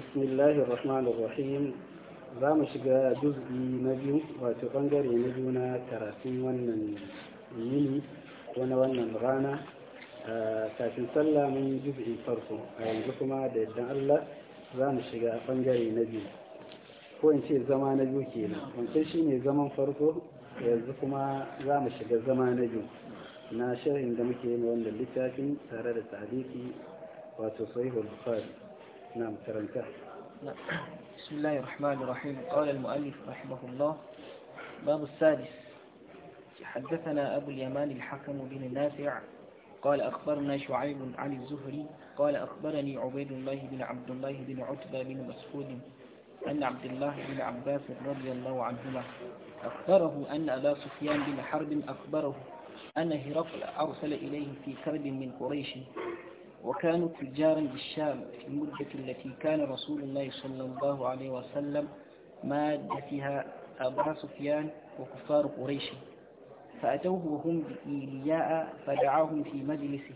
بسم الله الرحمن الرحيم za mu shiga juz'i na biyu wato bangare na biyu na karatun wannan yini ko na wannan rana kafin sallah mun juz'i farko a yanzu kuma da yadda Allah za mu shiga bangare na biyu ko in ce zama na biyu kenan wancan shine zaman farko yanzu kuma za mu shiga zama na biyu na shirin da muke yi wannan littafin tare da sadiki wato sahihul bukhari نعم ترى انتهى بسم الله الرحمن الرحيم قال المؤلف رحمه الله باب السادس حدثنا أبو اليمان الحكم بن نافع قال أخبرنا شعيب عن الزهري قال أخبرني عبيد الله بن عبد الله بن عتبة بن مسعود أن عبد الله بن عباس رضي الله عنهما أخبره أن أبا سفيان بن حرب أخبره أن هرقل أرسل إليه في كرب من قريش وكانوا تجارا بالشام في المدة التي كان رسول الله صلى الله عليه وسلم مادتها أبا سفيان وكفار قريش فأتوه وهم بإيلياء فدعاهم في مجلسه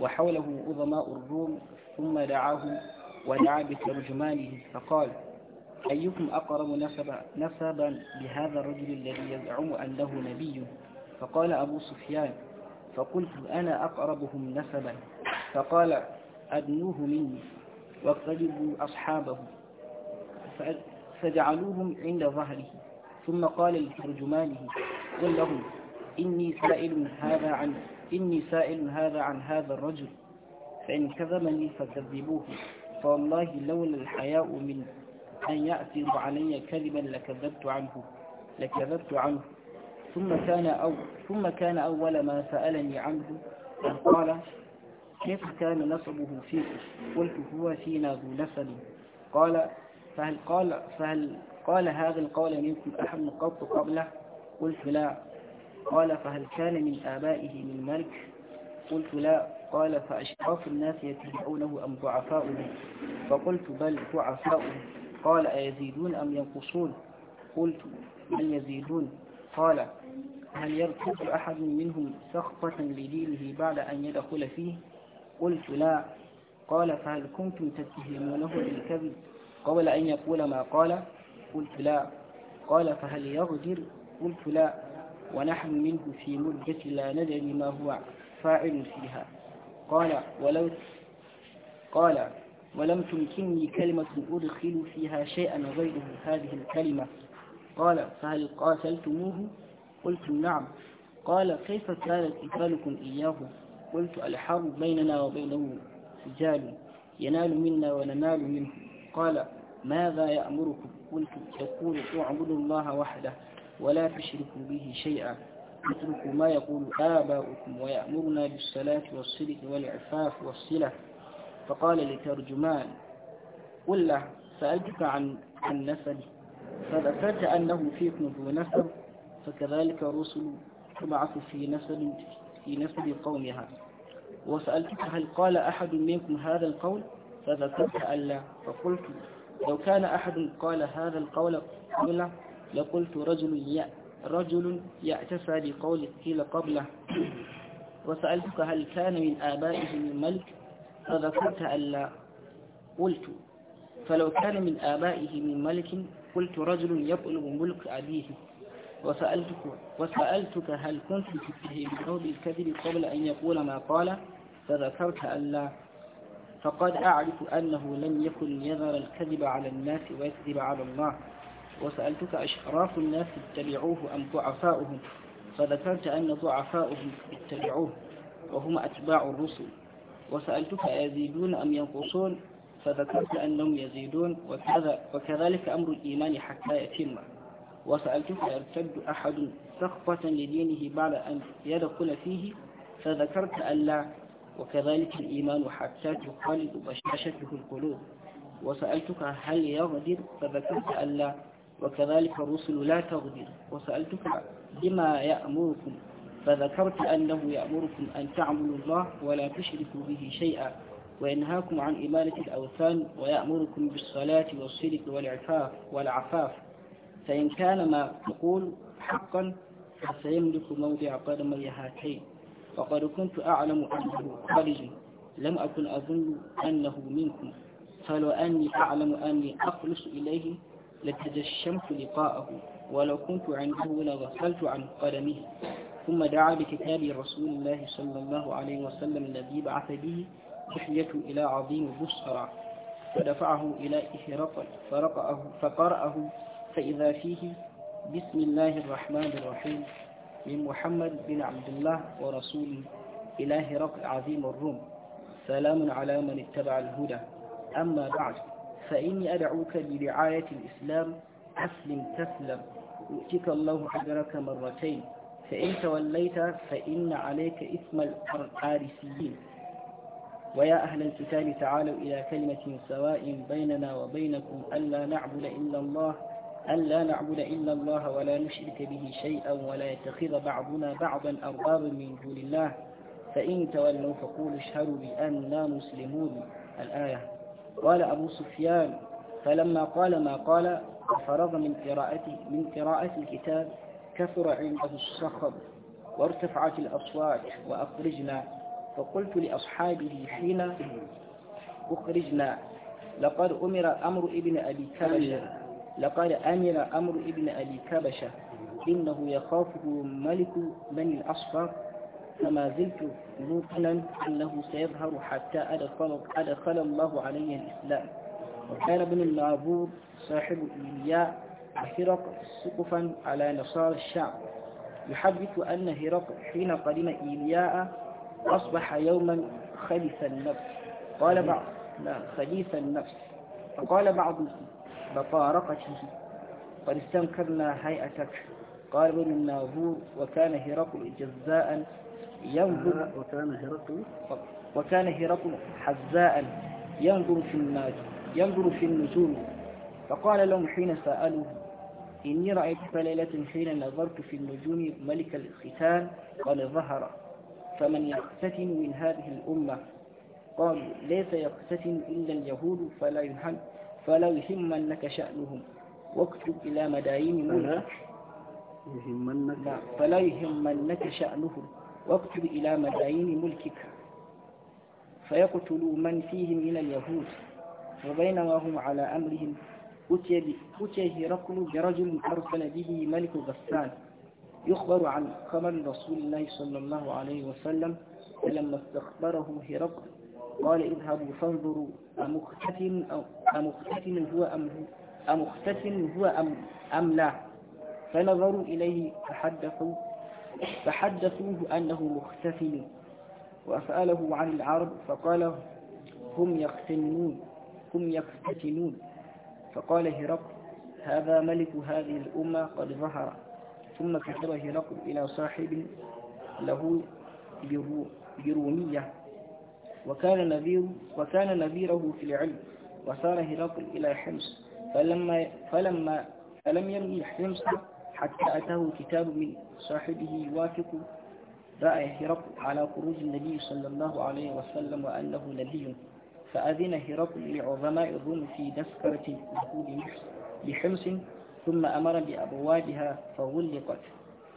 وحوله عظماء الروم ثم دعاهم ودعا بترجمانه فقال أيكم أقرب نسبا, نسبا بهذا الرجل الذي يزعم أنه نبي فقال أبو سفيان فقلت أنا أقربهم نسبا فقال أدنوه مني واقتربوا أصحابه فجعلوهم عند ظهره ثم قال لترجمانه قل لهم إني سائل هذا عن إني سائل هذا عن هذا الرجل فإن كذبني فكذبوه فوالله لولا الحياء من أن يأثر علي كذبا لكذبت عنه لكذبت عنه ثم كان أو ثم كان أول ما سألني عنه قال كيف كان نسبه فيكم قلت هو فينا ذو نسب قال فهل قال فهل قال هذا القول منكم أحد قط قبله قلت لا قال فهل كان من آبائه من ملك قلت لا قال فأشراف الناس يتبعونه أم ضعفاؤه فقلت بل ضعفاؤه قال أيزيدون أم ينقصون قلت بل يزيدون قال هل يرتد أحد منهم سخطة لدينه بعد أن يدخل فيه قلت لا قال فهل كنتم تتهمونه بالكذب قبل أن يقول ما قال قلت لا قال فهل يغدر قلت لا ونحن منه في مدة لا ندري ما هو فاعل فيها قال ولو قال ولم تمكنني كلمة أدخل فيها شيئا غير هذه الكلمة قال فهل قاتلتموه قلت نعم قال كيف كان قتالكم إياه قلت الحرب بيننا وبينه سجال ينال منا وننال منه قال ماذا يأمركم قلت يقول اعبدوا الله وحده ولا تشركوا به شيئا اتركوا ما يقول آباؤكم ويأمرنا بالصلاة والصدق والعفاف والصلة فقال لترجمان قل له سألتك عن عن فذكرت أنه فيكم ذو نسب فكذلك الرسل تبعث في نسب في نسب قومها وسألتك هل قال أحد منكم هذا القول فذكرت ألا فقلت لو كان أحد قال هذا القول قبله لقلت رجل يأ رجل يأتفى بقول قيل قبله وسألتك هل كان من آبائهم الملك فذكرت ألا قلت فلو كان من آبائه من ملك قلت رجل يطلب ملك أبيه وسألتك, وسألتك هل كنت تتهمه بالكذب قبل أن يقول ما قال فذكرت أن لا فقد أعرف أنه لم يكن يظهر الكذب على الناس ويكذب على الله وسألتك أشراف الناس اتبعوه أم ضعفاؤهم فذكرت أن ضعفاؤهم اتبعوه وهم أتباع الرسل وسألتك أيزيدون أم ينقصون فذكرت أنهم يزيدون وكذا وكذلك أمر الإيمان حتى يتم وسألتك يرتد أحد سخطة لدينه بعد أن يدخل فيه فذكرت ألا وكذلك الإيمان حتى تخالد بشاشته القلوب وسألتك هل يغدر فذكرت ألا وكذلك الرسل لا تغدر وسألتك بما يأمركم فذكرت أنه يأمركم أن تعملوا الله ولا تشركوا به شيئا وينهاكم عن إمالة الأوثان ويأمركم بالصلاة والصدق والعفاف والعفاف فإن كان ما تقول حقا فسيملك موضع قدمي هاتين فقد كنت أعلم أنه خارج لم أكن أظن أنه منكم فلو أني أعلم أني أخلص إليه لتجشمت لقاءه ولو كنت عنده لغفلت عن قدمه ثم دعا بكتاب رسول الله صلى الله عليه وسلم الذي بعث به لحية إلى عظيم بصرى فدفعه إلى إهرقل فرقأه فقرأه فإذا فيه بسم الله الرحمن الرحيم من محمد بن عبد الله ورسوله إله رق عظيم الروم سلام على من اتبع الهدى أما بعد فإني أدعوك لرعاية الإسلام أسلم تسلم يؤتك الله حجرك مرتين فإن توليت فإن عليك إثم الحارسيين ويا أهل الكتاب تعالوا إلى كلمة سواء بيننا وبينكم ألا نعبد إلا الله أن لا نعبد إلا الله ولا نشرك به شيئا ولا يتخذ بعضنا بعضا أربابا من دون الله فإن تولوا فقولوا اشهروا بأننا مسلمون الآية قال أبو سفيان فلما قال ما قال وفرغ من قراءته من قراءة الكتاب كثر عنده الصخب وارتفعت الأصوات وأخرجنا فقلت لأصحابه حين أخرجنا لقد أمر أمر ابن أبي كبشة لقال أمر أمر ابن أبي كبشة إنه يخافه ملك بني الأصفر فما زلت موقنا أنه سيظهر حتى أدخل, أدخل الله علي الإسلام وكان ابن النابور صاحب إلياء هرق سقفا على نصار الشعب يحدث أن هرق حين قدم إلياء أصبح يوما خليف النفس قال بعض لا نعم، خليف النفس فقال بعض بطارقته قد استنكرنا هيئتك قال ابن الناظور وكان هرقل جزاء ينظر آه، وكان هرقل وكان هرقل حزاء ينظر في الناس ينظر في النجوم فقال لهم حين سألوه إني رأيتك ليلة حين نظرت في النجوم ملك الختان قال ظهر فمن يقتتن من هذه الأمة قالوا ليس يقتتن إلا اليهود فلا يهل فلا يهمنك شأنهم واكتب إلى مدايين ملكك يهمنك نعم. فلا يهمنك شأنهم واكتب إلى مدايين ملكك فيقتلوا من فيهم من اليهود وبينما هم على أمرهم أتي هرقل برجل أرسل به ملك غسان يخبر عن قمر رسول الله صلى الله عليه وسلم فلما استخبره هرقل قال اذهبوا فانظروا أمختتن أمختتن هو أم أمختتن هو أم, أم لا فنظروا إليه فحدثوا فحدثوه أنه مختفي وأسأله عن العرب فقال هم يختنون هم يختتنون فقال هرقل هذا ملك هذه الأمة قد ظهر ثم كتب هرقل إلى صاحب له برومية وكان نذير وكان نذيره في العلم وسار هرقل إلى حمص فلما فلما فلم يرمي حمص حتى أتاه كتاب من صاحبه يوافق رأي هرقل على خروج النبي صلى الله عليه وسلم وأنه نبي فأذن هرقل لعظماء الروم في دفكرة دخول بحمص ثم أمر بأبوابها فغلقت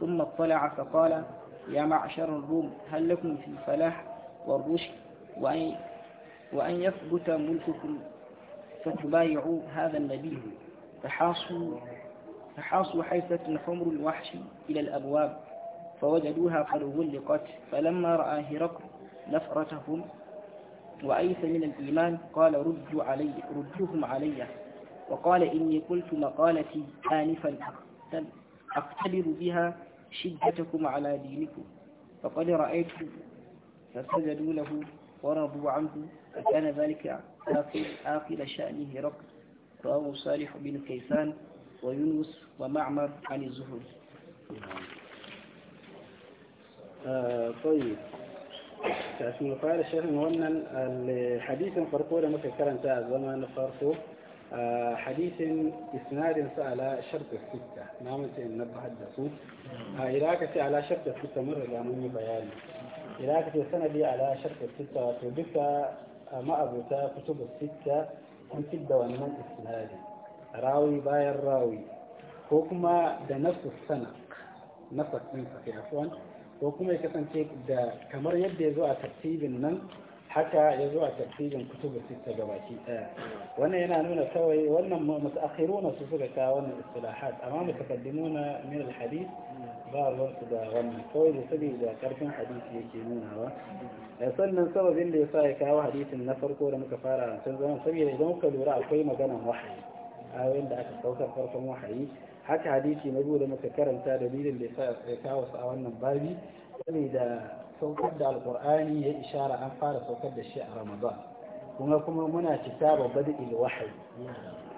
ثم اطلع فقال يا معشر الروم هل لكم في الفلاح والرشد وأن, وأن يثبت ملككم فتبايعوا هذا النبي فحاصوا فحاصوا حيفة حمر الوحش إلى الأبواب فوجدوها قد غلقت فلما رأى هرقل نفرتهم وأيس من الإيمان قال ردوا علي ردوهم علي وقال إني قلت مقالتي آنفا أقتبر بها شدتكم على دينكم فقد رأيت فسجدوا له ورضوا عنه فكان ذلك آخر, آخر شأنه رب رواه صالح بن كيسان ويونس ومعمر عن الزهور آه طيب تأثير قال الشيخ مغنى الحديث فرقولا مثل كلام تاع زمان فرقو آه، حديث إسناد على شرط الستة نعم مثل نبه الدسوس هاي آه، راكتي على شرط الستة مرة لأمني بياني idan aka ce sanadi ala sharfi sita to duka ma'abuta kutubu sita an da wannan isnadi rawi bayan rawi ko kuma da nasu sana nafsu ɗinsa ko kuma ya kasance da kamar yadda ya zo a tartibin nan حتى يزوع تبخيج كتب الستة جواتي وانا هنا نونا سوي وانا متأخرون سفوك كاوان الاصطلاحات اما متقدمون من الحديث بار ورصدا وانا سوي لسبي اذا كاركم حديث يكينونها يصل من سبب اللي يصاي كاو حديث النفر كورا مكفارا سنزمان سبي اذا مقل وراء قيمة جنا وحي او ان دعك التوكر فرقم وحي حتى حديثي مجودة متكرم تا دليل اللي يصاي كاو سعوانا بابي وانا اذا سوكد القرآن هي إشارة عن فارس سوكد الشيء رمضان ونقوم منا كتاب بدء الوحي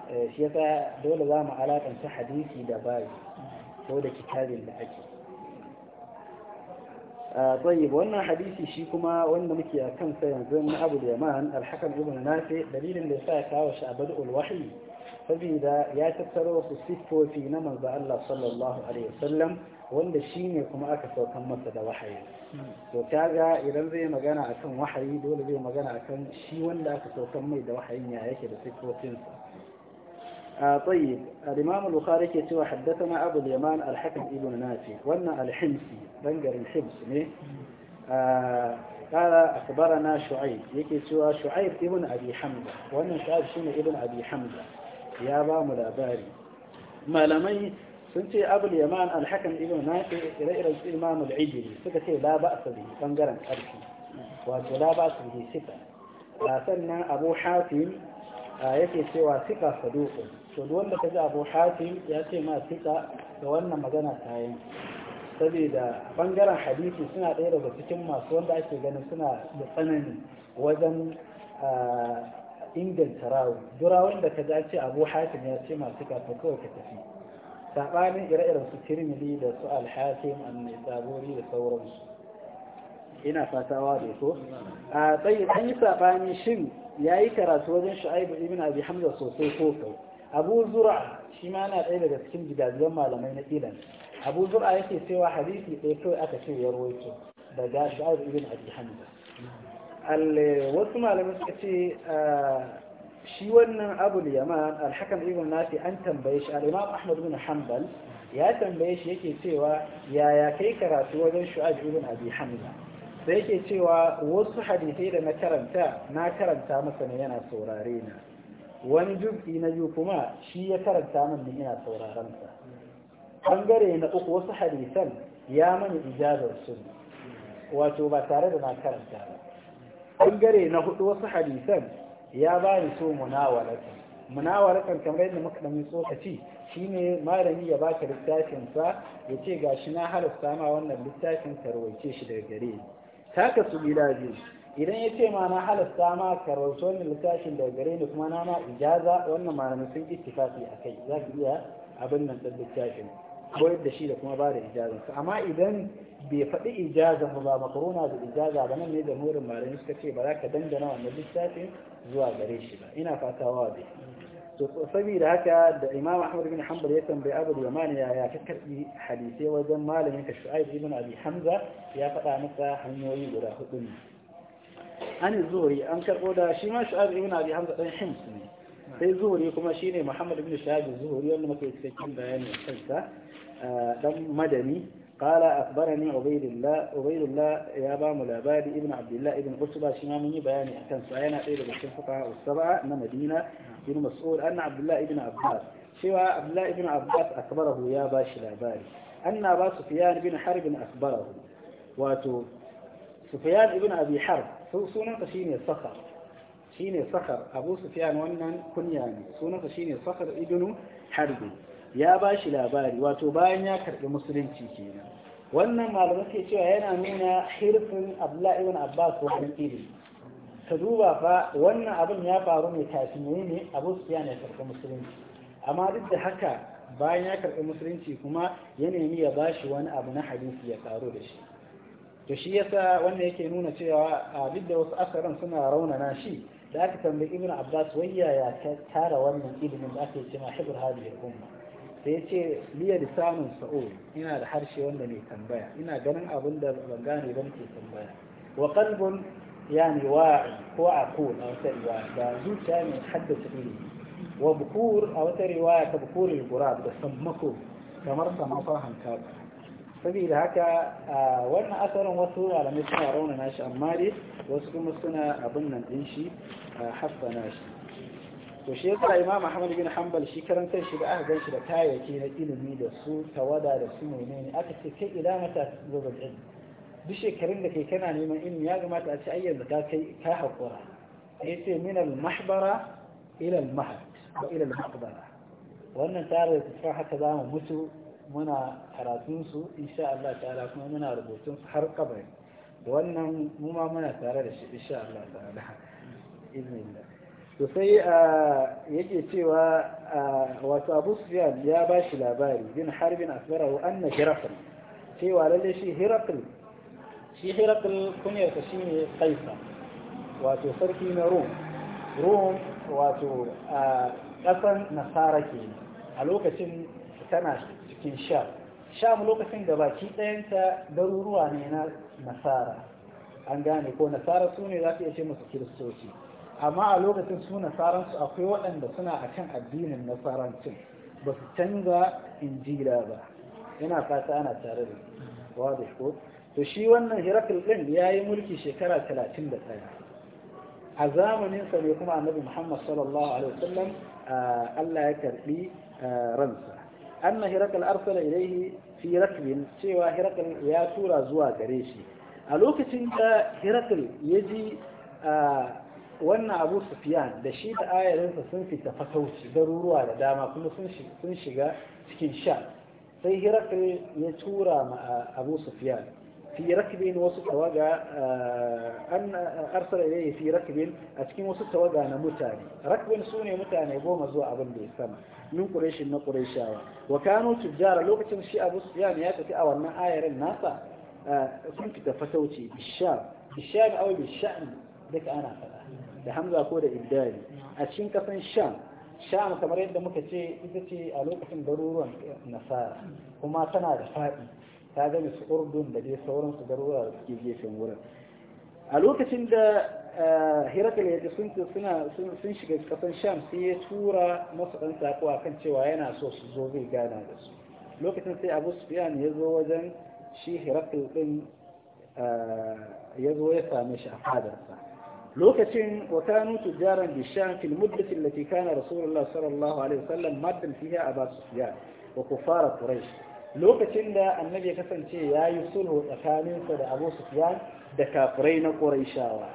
إيه، شيطة دولة دام على أنسى حديثي دباي هو كتاب الأجل آه، طيب وانا حديثي شيكما وانا مكي أكم سينزل من أبو اليمان الحكم ابن نافع دليل اللي فاكا وش أبدء الوحي فبيدا يا تبتروا في الصف وفي نمز الله صلى الله عليه وسلم wanda shi ne kuma aka saukan masa da wahayi hmm. to kaga idan zai magana akan wahayi dole zai magana akan shi wanda aka saukan mai da wahayin ya yake da sifofin a tsayin al-imam al-bukhari ke cewa haddathana abu yaman al-hakim ibn wannan al-himsi dan garin hims ne hmm. a kala akbarana shu'aib yake cewa shu'aib ibn abi hamza wannan shu'aib shine ibn abi hamda ya ba mu labari malamai sun ce abul yaman alhakan ibn nafi ire-iren su imam al'ijiri suka ce la ba su bangaren karfi wato la ba su bihi sika ba sannan abu hatim yake cewa sika saduku to wanda ka ji abu hatim ya ce ma sika da wannan magana ta yi saboda bangaren hadisi suna ɗaya daga cikin masu wanda ake ganin suna da tsanani wajen inganta rawu durawun da ka ji ce abu hatim ya ce masu ta kawai ka tafi saɓanin ire-iren su tirmidhi da su alhakim annisaburi da sauransu ina fatawa da ko a tsayi an yi saɓani shin ya yi karatu wajen shu'aibu ibn abi hamza sosai ko kau abu zura shi ma yana ɗaya daga cikin gidajen malamai na ilan abu zura yake cewa hadisi ɗaya kawai aka ce ya rawaito daga shu'aibu ibn abi hamza wasu malamai suka ce shi wannan abu yaman alhakan ibn nafi an tambaye shi al-imam ahmad ibn hanbal ya tambaye shi yake cewa yaya kai karatu wajen shu'ab ibn abi hamza sai yake cewa wasu hadisai da na karanta na karanta masa ne yana saurare na wani juz'i na biyu kuma shi ya karanta min ne yana sauraron sa bangare na uku wasu hadisan ya mani ijabar su wato ba tare da na karanta ba bangare na hudu wasu hadisan ya ba ni so munawaratan munawaratan kamar yadda muka dan tsokaci shine malami ya baka littafin sa ya ce gashi na halasta ma wannan littafin tarwace shi daga gare ni ka su biyu, idan ya ce ma na halasta ma ka littafin daga gare ni kuma na ma ijaza wannan malamai sun ittifaqi akai za ka iya abin nan littafin koyar da shi da kuma bada da ijazarsa amma idan bai faɗi ijaza ba makaruna da ijaza ba nan ne da murin malami suka ce ba za ka dangana wannan littafin zuwa gare shi ba ina fata wa bai to saboda haka da imam ahmad bin hanbal ya tambayi abu yamani ya ya ka karbi hadisai wajen malamin ka shu'aib ibn abi hamza ya faɗa masa hanyoyi guda hudu ne an zuri an karbo da shi ma shu'aib ibn abi hamza dan hims ne sai zuhuri kuma shine muhammad ibn shahabu zuhuri wanda muka yi cikakken bayani a kanta dan madani qala akhbarani ubaydullah ubaydullah ya ba mu labari ibn abdullah ibn usba shi mun yi bayani a kansa yana ɗaya daga cikin fuqaha usba na madina ibn mas'ud anna abdullah ibn abbas cewa abdullah ibn abbas akbarahu ya bashi shi labari anna ba sufyan ibn harb akbarahu wato sufyan ibn abi harb sunan ka shine saka. shine sakar abu sufyan wannan kunya ne sunansa shine sakar ibnu harbi ya ba shi labari wato bayan ya karbi musulunci kenan wannan malamai ke cewa yana nuna hirfin abdullahi ibn abbas wani iri ka duba fa wannan abin ya faru ne kafin ne ne abu sufyan ya karbi musulunci amma duk da haka bayan ya karbi musulunci kuma ya nemi ya bashi wani abu na hadisi ya karo da shi to shi yasa wanda yake nuna cewa a duk wasu asarin suna raunana shi da aka tambayi ibn abbas wayya ya tara wannan ilimin da aka yi cewa hibr hadhihi umma sai ya ce liya lisanun sa'ul ina da harshe wanda mai tambaya ina ganin abin da ban gane ke tambaya wa qalbun yani wa'i ko aqul a wata da zuciya mai haddace ilimi wa bukur a wata riwaya ta bukurul qurab da sammako kamar sammakon hankali saboda haka wannan asarin wasu malamai suna rauna nashi, amma dai wasu kuma suna abin nan din shi hassana nashi. to shi yasa imam ahmad bin hanbal shi karan shi da aka shi da kayayyaki na ilimi da su tawada da su menene aka ce kai ila mata zuwa da duk shekarun da kai kana neman ilimi ya gamata a ce ayyan da ka kai ka hakura yace min al mahbara ila al mahad ila al wannan tare da haka za mu mutu muna karatunsu insha Allah ta'ala kuma muna rubutunsu har kabari da wannan mu ma muna tare da shi insha Allah ta'ala izinillah to sai yake cewa wato Abu Sufyan ya ba shi labari bin harbin asbarahu anna hiraql cewa lalle shi hiraql shi kunyarsa shine kaisa wato sarki na Rum Rum wato a ƙasan nasara ke a lokacin tana cikin sha sham lokacin da baki ɗayanta garuruwa ne na nasara an gane ko nasara su ne za su iya ce masu kiristoci amma a lokacin su nasaransu akwai waɗanda suna a kan addinin nasarancin ba su canza injila ba yana fata ana tare da wada ko to shi wannan hirakul ɗin ya yi mulki shekara talatin da ɗaya a zamaninsa ne kuma annabi muhammad sallallahu alaihi wasallam Allah ya karɓi ransa anna hirakal arsala ilaihi fi raklin cewa hirakal ya tura zuwa gare shi a lokacin da hirakal ya ji wannan abu sufiyan da shi da ayarinsa sun fita fatauci garuruwa da dama kuma sun shiga cikin sha sai hirakal ya tura ma abu sufiyan في ركب وسط وجع أن أرسل إليه في ركب أتكين وسط وجع أنا متاني ركب سوني متاني بوم زوا أبن بي سما min quraish na quraishawa wa kanu tujara lokacin shi Abu Sufyan ya tafi a wannan ayarin nasa eh, sun fita fatauci bisham bisham aw bisham duka ana fada da hamza ko da ibdari a cikin kasan sham sham kamar yadda muka ce ita ce a lokacin garuruwan nasara kuma tana da faɗi ta gani su urdun da dai sauransu garuruwa da suke gefen wurin a lokacin da hirakal eh, ya sun sun shiga kasan sham sai ya tura masu ɗan sakowa a kan cewa yana so su zo zai gana da su lokacin sai abu sufiyan ya zo wajen shi hirakal ɗin eh, ya zo ya same shi a fadarsa lokacin wa tujaran da sham fil muddati allati kana rasulullah sallallahu alaihi wasallam sufiyan wa kufara turai. lokacin da annabi ya kasance ya yi sulhu tsakaninsa da abu sufyan da kafirai na ƙuraishawa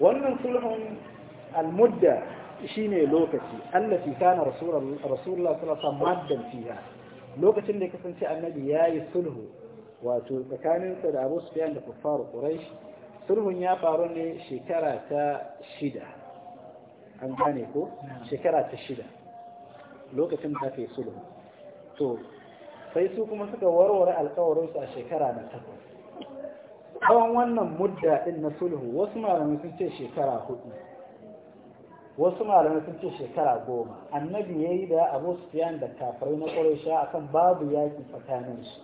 wannan sulhun almudda shine lokaci allafi kana rasulullah sallallahu maddan fiya. lokacin da ya kasance annabi ya yi sulhu wato tsakaninsa da abu sufyan da kuffaru quraish sulhun ya faru ne shekara ta shida an gane ko shekara ta shida lokacin da aka yi sulhu sai su kuma suka warware alkawarinsu a shekara na takwas tsawon wannan mudda din na sulhu wasu malamai sun ce shekara hudu wasu malamai sun ce shekara goma annabi ya yi da abu sufiyan da kafirai na ƙwarisha a kan babu yaƙi tsakanin su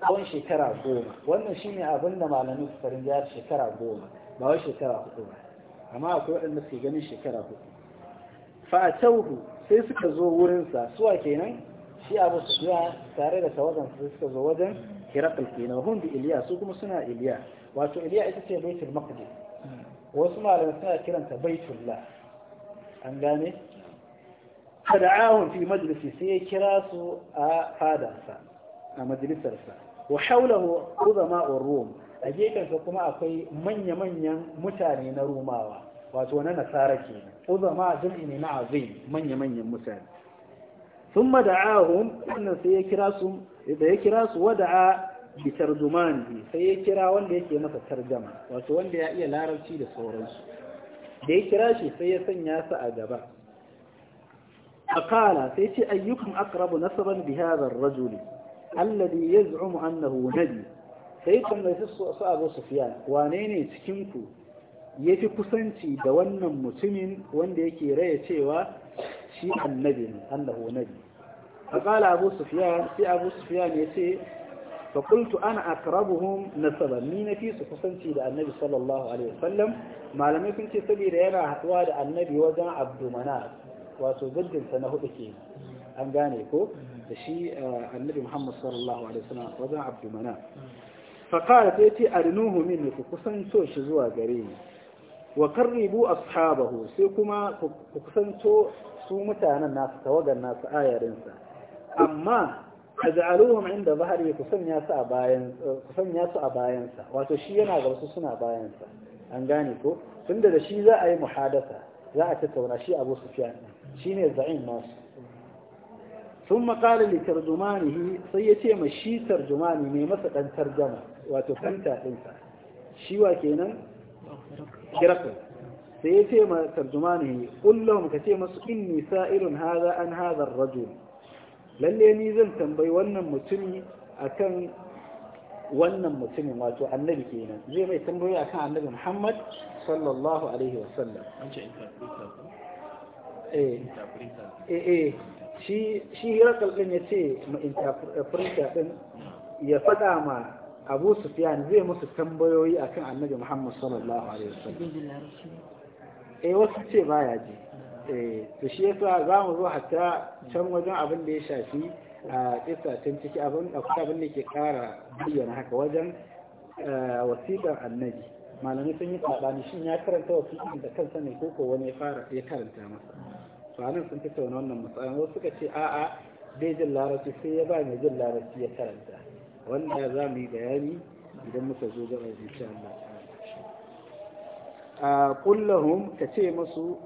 tsawon shekara goma wannan shi ne abin da malamai su farin jihar shekara goma ba wai shekara hudu ba amma akwai waɗanda suke ganin shekara hudu fa'atauhu sai suka zo wurinsa suwa kenan shi abu su tare da tawazan su suka zo wajen hirakul kina hun bi iliya su kuma suna iliya wato iliya ita ce baitul maqdis wasu malamai suna kiranta baitullah an gane fada'ahum fi majlisi sai ya kira su a fadarsa a majalisarsa wa haulahu uzama rum a gefensa kuma akwai manya-manyan mutane na rumawa wato na nasara kenan uzama jam'i na azim manya-manyan mutane ثم دعاهم أن سيكراسهم إذا يكراس sai ya kira wanda yake مسا ترجمة واسو wanda ya iya لصورنش da ya kira shi sai ya sanya su a gaba akala sai ce ayyukum aqrabu nasaban bi hadha ar-rajuli alladhi yaz'umu annahu nabi sai tambaye su su Abu Sufyan wane ne cikin ku yafi kusanci da wannan mutumin wanda yake raya cewa shi annabi abu sufyan sai abu sufyan yace fa qultu ana aqrabuhum nasaba ni na fi su kusanci da annabi sallallahu malamai sun ce saboda yana haɗuwa da annabi wajen abdumanar wato gaddin na hudu ke an gane ko da shi eh, annabi muhammad sallallahu wajen abdumanar fakala sai ce arinuhu min ku zuwa gare ni wa karribu ashabahu sai kuma ku kusanto su mutanen nasu tawagar nasu ayarinsa amma ajaluhum inda zahari ku sanya su a bayan ku sanya su a bayansa wato shi yana ga wasu suna bayansa an gane ko tunda da shi za a yi muhadasa za a tattauna shi Abu su fiya shine za'in li tarjumanihi sai لترجمانه سيتي ما ma ترجماني مي مسا masa ɗantar واتو wato دينسا shi wa kenan كرقل sai ya ce ma tarjumani kullum ka ce masu inni sa'ilun haza an haza rajul lalle ni zan tambayi wannan mutumi kan wannan mutumin wato annabi kenan zai mai tambayi kan annabi Muhammad sallallahu alaihi wasallam eh. Eh, eh. shi shi hirakal ya ce ma interpreter din ya fada ma Abu Sufyan zai musu tambayoyi akan annabi Muhammad sallallahu alaihi wasallam eh wasu ce baya ji eh to shi yasa za mu zo hatta can wajen abin da ya shafi a kisa tun ciki abin kuka abin da ke kara bayyana haka wajen wasiƙar annabi malamai sun yi saɓani shin ya karanta wasiƙin da kansa ne ko ko wani ya fara ya karanta masa to anan sun wani wannan matsayin wasu suka ce a'a bai jin larabci sai ya ba mai jin larabci ya karanta wanda za mu yi bayani idan muka zo gaba insha Allah kullahum ka ce masu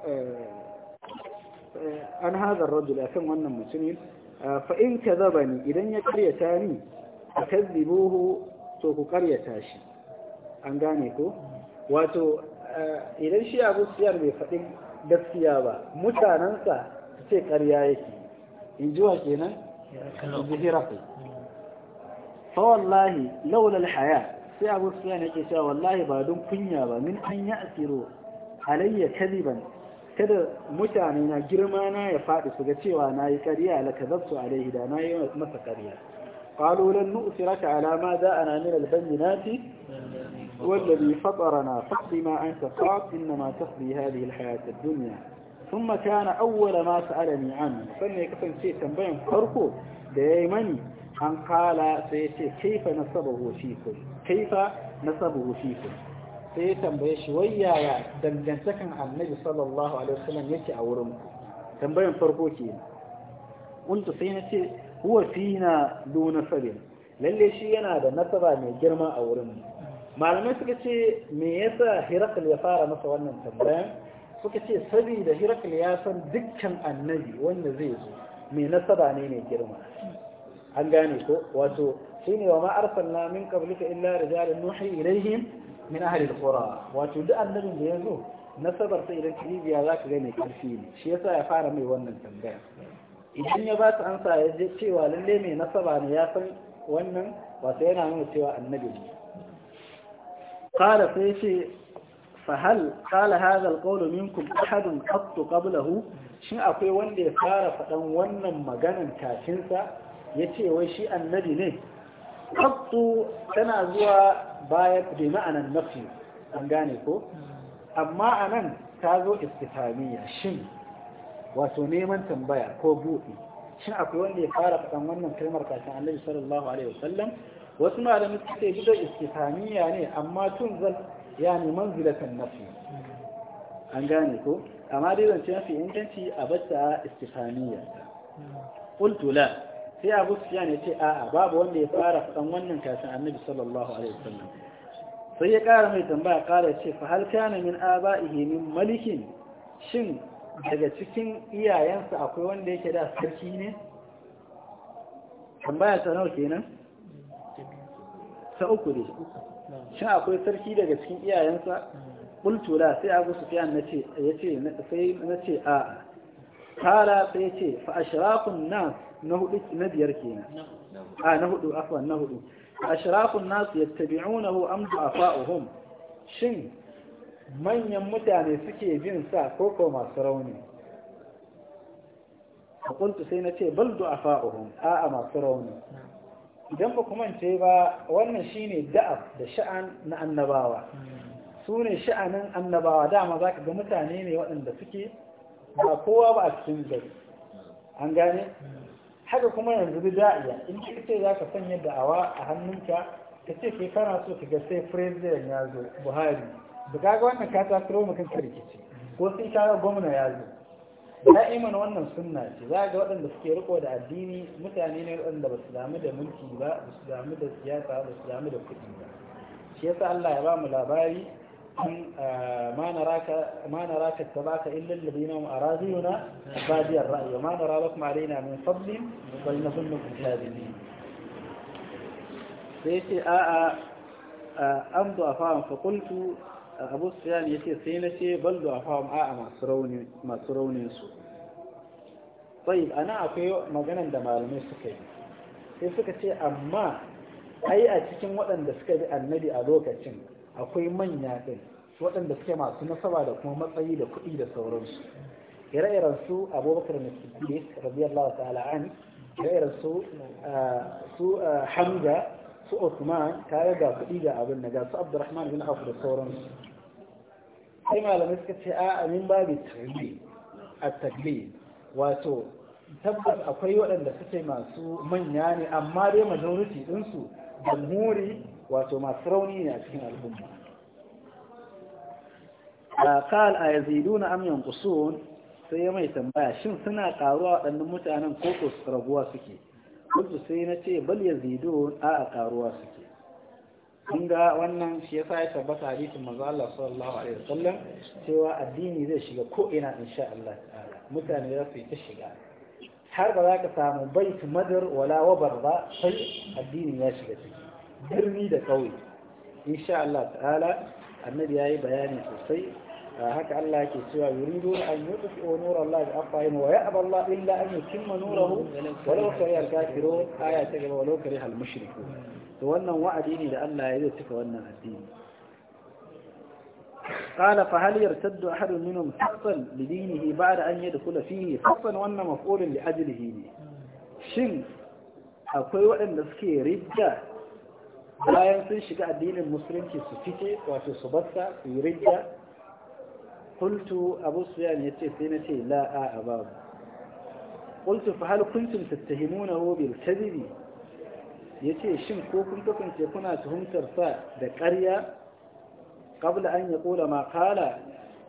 an hazar rajul kan wannan mutumin fa in ne idan ya karyata ni akazzibuhu to ku karyata shi an gane ko wato idan shi Abu siyar bai faɗin gaskiya ba ta ce karya yake in ji wa kenan ji hirafi fa wallahi laulal haya sai abu su yana ke cewa wallahi ba don kunya ba min an yi asiro halayya kaliban kada mutane na girma na ya faɗi su ga cewa na yi ƙarya la ka zabtu alaihi da na yi masa ƙarya ƙalolan nu'usira ka alama za a na min albani na fi wanda bai faɗara na faɗi an ka faɗi inna ma ta fi hali halayyar duniya sun makana awwala ma su alami an sannan kasance tambayan farko da ya yi mani an kala sai ce kefa na saba hoshi kuma kaifa nasabuhu fikum sai ya tambaye shi wai yaya dangantakan annabi sallallahu alaihi wasallam yake a wurin ku tambayan farko kenan kuntu sai na ce huwa fina duna sabin lalle shi yana da nasaba mai girma a wurin mu malamai suka ce me yasa hirakal ya fara masa wannan tambayan suka ce saboda hirakal ya san dukkan annabi wanda zai zo mai nasaba ne mai girma an gane ko wato shine wa ma arsalna min qablika illa rijalan nuhi ilaihim min ahli alqura wato duk annabin da yazo nasabar sai idan kibiya zaka ga mai karfi ne shi yasa ya fara mai wannan tambaya idan ya ba su ansa ya je cewa lalle mai nasaba ne ya san wannan wato yana nuna cewa annabi ne qala sai ce fahal qala hadha alqawlu minkum ahadun qattu qablahu shin akwai wanda ya fara faɗan wannan maganan kafinsa ya ce wai shi annabi ne qattu tana zuwa baya da ma'anan nafi an gane ko amma anan ta zo istifamiya shin wato neman tambaya ko buɗe? shin akwai wanda ya fara faɗan wannan kalmar kafin annabi sallallahu alaihi wasallam wasu malamin suke ce bidon istifamiya ne amma tun zal ya ne manzilatan nafi an gane ko amma dai zance mafi inganci a bata istifamiya قلت la sai abu su ya ce a'a babu wanda ya fara faɗan wannan kafin annabi sallallahu alaihi wasallam sai ya kara mai tambaya ƙara ya ce fa hal kana min aba'ihi min malikin shin daga cikin iyayensa akwai wanda yake da sarki ne tambaya ta nawa kenan ta uku ne shin akwai sarki daga cikin iyayensa qultu la sai abu sufiyan nace yace sai nace a'a kala sai ce fa ashraqun nas na hudu na biyar kenan a na hudu afwan na hudu ashrafun nas yattabi'unahu am du'afa'uhum shin manyan mutane suke bin sa ko ko masu rauni kuntu sai na ce bal du'afa'uhum a'a masu rauni idan ba kuma ce ba wannan shine da'af da sha'an na annabawa su ne sha'anin annabawa dama zaka ga mutane ne waɗanda suke ba kowa ba a cikin gari an gane haka kuma yanzu da da'iya in ka ce za ka sanya da'awa a hannunka ka ce ke kana so ka ga sai president ya zo buhari da kaga wannan ka ta turo mutum ka rikici ko sai ka ga gwamna ya zo imanin wannan sunna ce za ga waɗanda suke riko da addini mutane ne waɗanda ba su damu da mulki ba ba su damu da siyasa ba su damu da kuɗi ba shi yasa Allah ya ba mu labari in ma na raka ta baka illa labina mu a raziyuna ba jiyar ra'ayya ma na ralok ma raina min fablin bai na sun nufin jihadi ne sai ce a a an zuwa fawon fakultu abu suyani ya ce sai na ce bal zuwa fawon a a masu raunin su sai a na akwai maganan da malamai suka yi sai suka ce amma ai a cikin waɗanda suka bi annabi a lokacin akwai manya ɗin waɗanda suke masu nasaba da kuma matsayi da kuɗi da sauransu ire-iren su abubakar na sikile radiyallahu ta'ala an ire-iren su eh, su eh, hamza su Osman kare ga kuɗi da abin da ga Abdurrahman bin Auf da sauransu sai malamai suka ce a amin babu tarbi a tagli wato tabbas akwai waɗanda suke masu manya ne amma dai majority ɗinsu jamhuri wato masu rauni ne a cikin al'umma a kal a yazidu na amyan kusun sai ya mai tambaya shin suna karuwa waɗannan mutanen koko su raguwa suke kudu sai na ce bal zido a a karuwa suke Inga wannan shi ya sa ya tabbata hadisin manzo Allah sallallahu alaihi wasallam cewa addini zai shiga ko ina insha Allah ta'ala mutane za su yi ta shiga har ba za ka samu bait madar wala wabar ba sai addini ya shiga ciki birni da kauye. insha Allah ta'ala annabi yayi bayani sosai haka Allah yake cewa yuridu an yutfi'u nur Allah bi afwahihim wa ya'ba Allah illa an yutimma nurahu walau kariha al-kafirun aya ta gaba walau kariha al-mushrikun to wannan wa'adi ne da Allah ya cika wannan addini قال فهل يرتد أحد منهم حقا لدينه بعد أن يدخل فيه حقا وأن مفعول لأجله شن akwai waɗanda suke رجة bayan sun shiga addinin musulunci su fice wato su batta su yi rijiya kultu abu suyan ya ce sai na ce la'a a babu kultu fa hal kuntum tattahimunahu bil ya ce shin ko kun kasance kuna tuhumtar sa da karya kabla an kula ma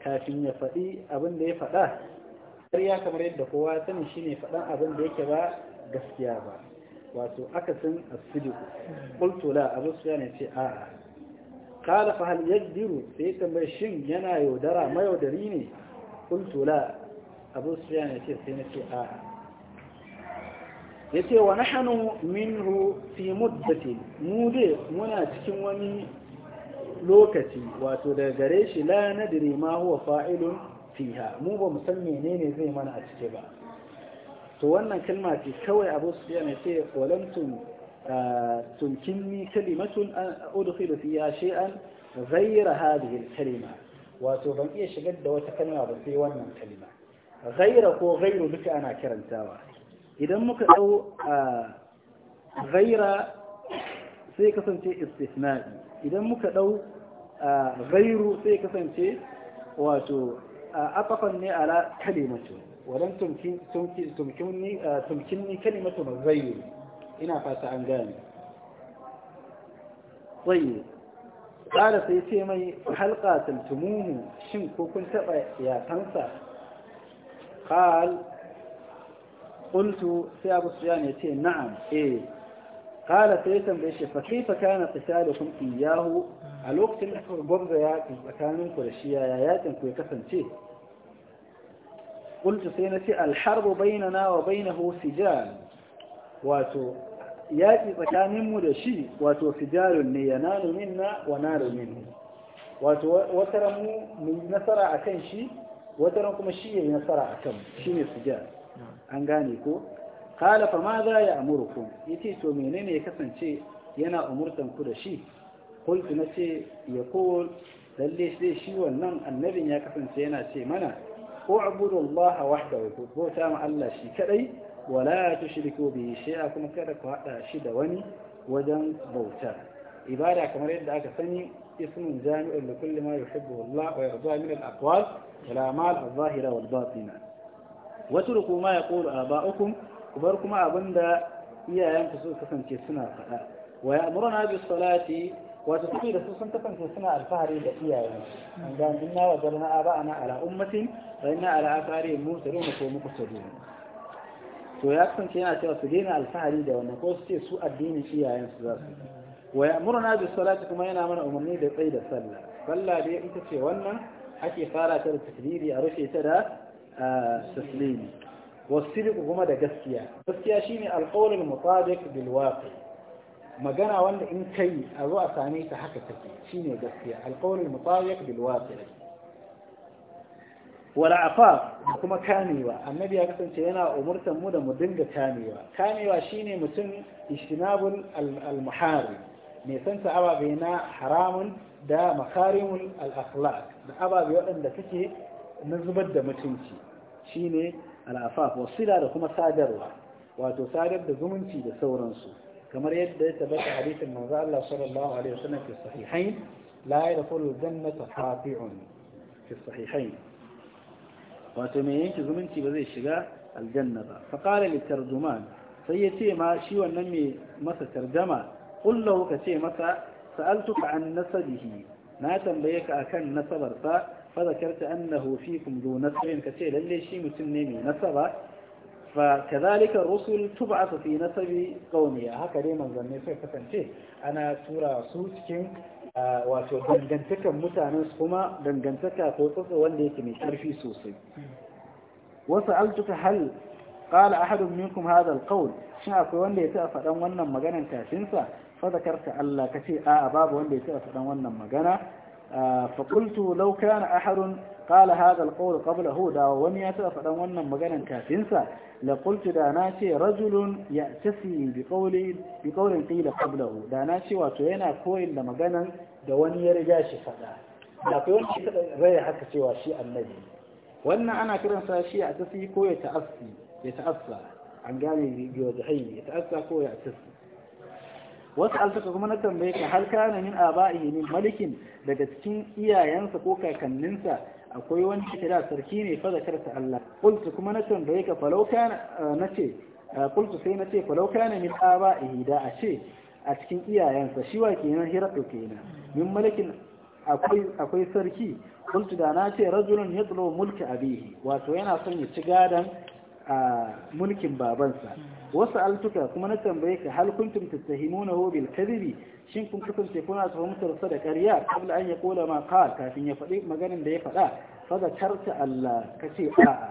kafin ya faɗi abin da ya faɗa karya kamar yadda kowa sani shine faɗan abin da yake ba gaskiya ba wato akasin asidiku qultu la abu sufyan ya ce a'a kada fa hal sai tambaye shin yana yaudara mayaudari ne qultu la abu sufyan ya ce sai na ce a'a yace wa min ru fi muddati mu dai muna cikin wani lokaci wato daga gare shi la nadri ma huwa fa'ilun fiha mu ba musamman san menene zai mana a cike ba to wannan kalma ce kawai abu su ya mai sai walam ah, tunkinni kalimatun an ah, udkhilu fiha shay'an ghayra hadhihi al-kalima wato ban iya shigar da wata kalma ba sai wannan kalima ghayra ko ghayru duka ana karantawa idan muka dau ah, ghayra sai kasance istisna'i idan muka dau ghayru sai kasance wato afafan ne ala kalimatun walam ah, tumkinni kalimatu mazayyu ina fata an gane tsaye tsara sai ce mai halka taltumuhu shin ko kun taɓa yakansa قال قلت في أبو سفيان يتي نعم إيه قال سيتم بيش فكيف كان قتالكم إياه الوقت الأكبر برزيات مكانكم كل شيء ياتنكم يكسن شيء qultu sai na ce harbu bainana wa bainahu sijal wato yaki tsakanin mu da shi wato sijalun ne yanalu minna wa naru minhu wato wataran mu mun nasara akan shi wataran kuma shi yi nasara akan shine sijal an gane ko qala fa madha ya'murukum yace to menene ya kasance yana umurtan ku da shi qultu nace yaqul lalle sai shi wannan annabin ya kasance yana ce mana ko Allah wahdahu ku bauta ma Allah shi kadai wala tushriku bihi shay'a kuma kada ku hada shi da wani wajen bauta ibada kamar yadda aka sani ismun jami'un li kulli ma yuhibbu Allah wa yarda min al-aqwal wal a'mal adh-dhahira wal batina watruku ma yaqulu aba'ukum kubar kuma abinda iyayenku su kasance suna faɗa wa ya'muruna bis salati wato suke da su sun kasance suna alfahari da iyayen an ga dinna wa zarna aba ana ala ummatin wa inna ala asari musirun ko muku sirrun to ya kasance yana cewa su daina alfahari da wannan ko su ce su addinin iyayen su za su wa ya'muruna bis salati kuma yana mana umarni da tsayi da sallah sallah dai ita ce wannan ake fara ta da takbiri a rufe ta da taslimi wasu kuma da gaskiya gaskiya shine alqawlul mutabiq bil waqi' magana wanda in kai a zo a same ta haka take shine gaskiya alqawlul mutayyib bil waqi' wala afa kuma kamewa annabi ya kasance yana umurtan mu da mu dinga kamewa kamewa shine mutum ijtinabul al mai ne san ta ababe na haramun da makarimul al da ababe waɗanda take na zubar da mutunci shine al afaf wasila da kuma sadarwa wato sadar da zumunci da sauransu كما يد ثبت حديث المنزع الله صلى الله عليه وسلم في الصحيحين لا يدخل الجنة خاطع في الصحيحين واتمين تزمنتي بذي الشقاء الجنة فقال للترجمان سيتي ما شي ونمي مسا ترجمة قل له كتي مسا سألتك عن نسبه ما تنبيك أكن نسبر فذكرت أنه فيكم ذو نسب كتي للي شي متنمي نسبه Ba فكذلك الرسل تبعث في نسب قومها هكذا من ظنه فكتنتي أنا سورة سوتكين wato dangantakan mutanen su kuma dangantaka ko tsotsa wanda yake mai ƙarfi sosai wasu altuka hal ƙala ahadun minkum hada alƙaul shin akwai wanda ya taɓa faɗan wannan maganan kafinsa fa zakarta Allah ka ce a'a babu wanda ya taɓa faɗan wannan magana فقلت لو كان أحد قال هذا القول قبله دا ومن يتفعل وانا مغانا كافنسا لقلت دا ناشي رجل يأتسي بقول, بقول قيل قبله دا ناشي واتوينا كوين لمغانا دا واني يرجاشي فدا دا كوين رأي حكا سوى شيء النبي وانا أنا كرنسا شيء يأتسي كو يتأسي يتأسى عن قال يوجهي يتأسى كو يأتسي wasu alfaka kuma na tambaye ka har kana min aba'ihi min malikin daga cikin iyayensa ko kakanninsa akwai wani kira sarki ne fa zakarta Allah qultu kuma na tambaye ka falau kana eh, nace eh, qultu sai nace falau kana min aba'ihi da a ce a cikin iyayensa shi wa kenan hirado kenan min malikin akwai akwai sarki qultu da na ce rajulun yadlu mulka abihi wato yana son ya ci gadan a mulkin babansa wasu altuka kuma na tambaye ka hal kuntum tattahimunahu bil kadhibi shin kun kasance kuna tuhumtar sa da ƙarya kabla an ya kola ma qal kafin ya faɗi maganin da ya faɗa fa tarta Allah kace a'a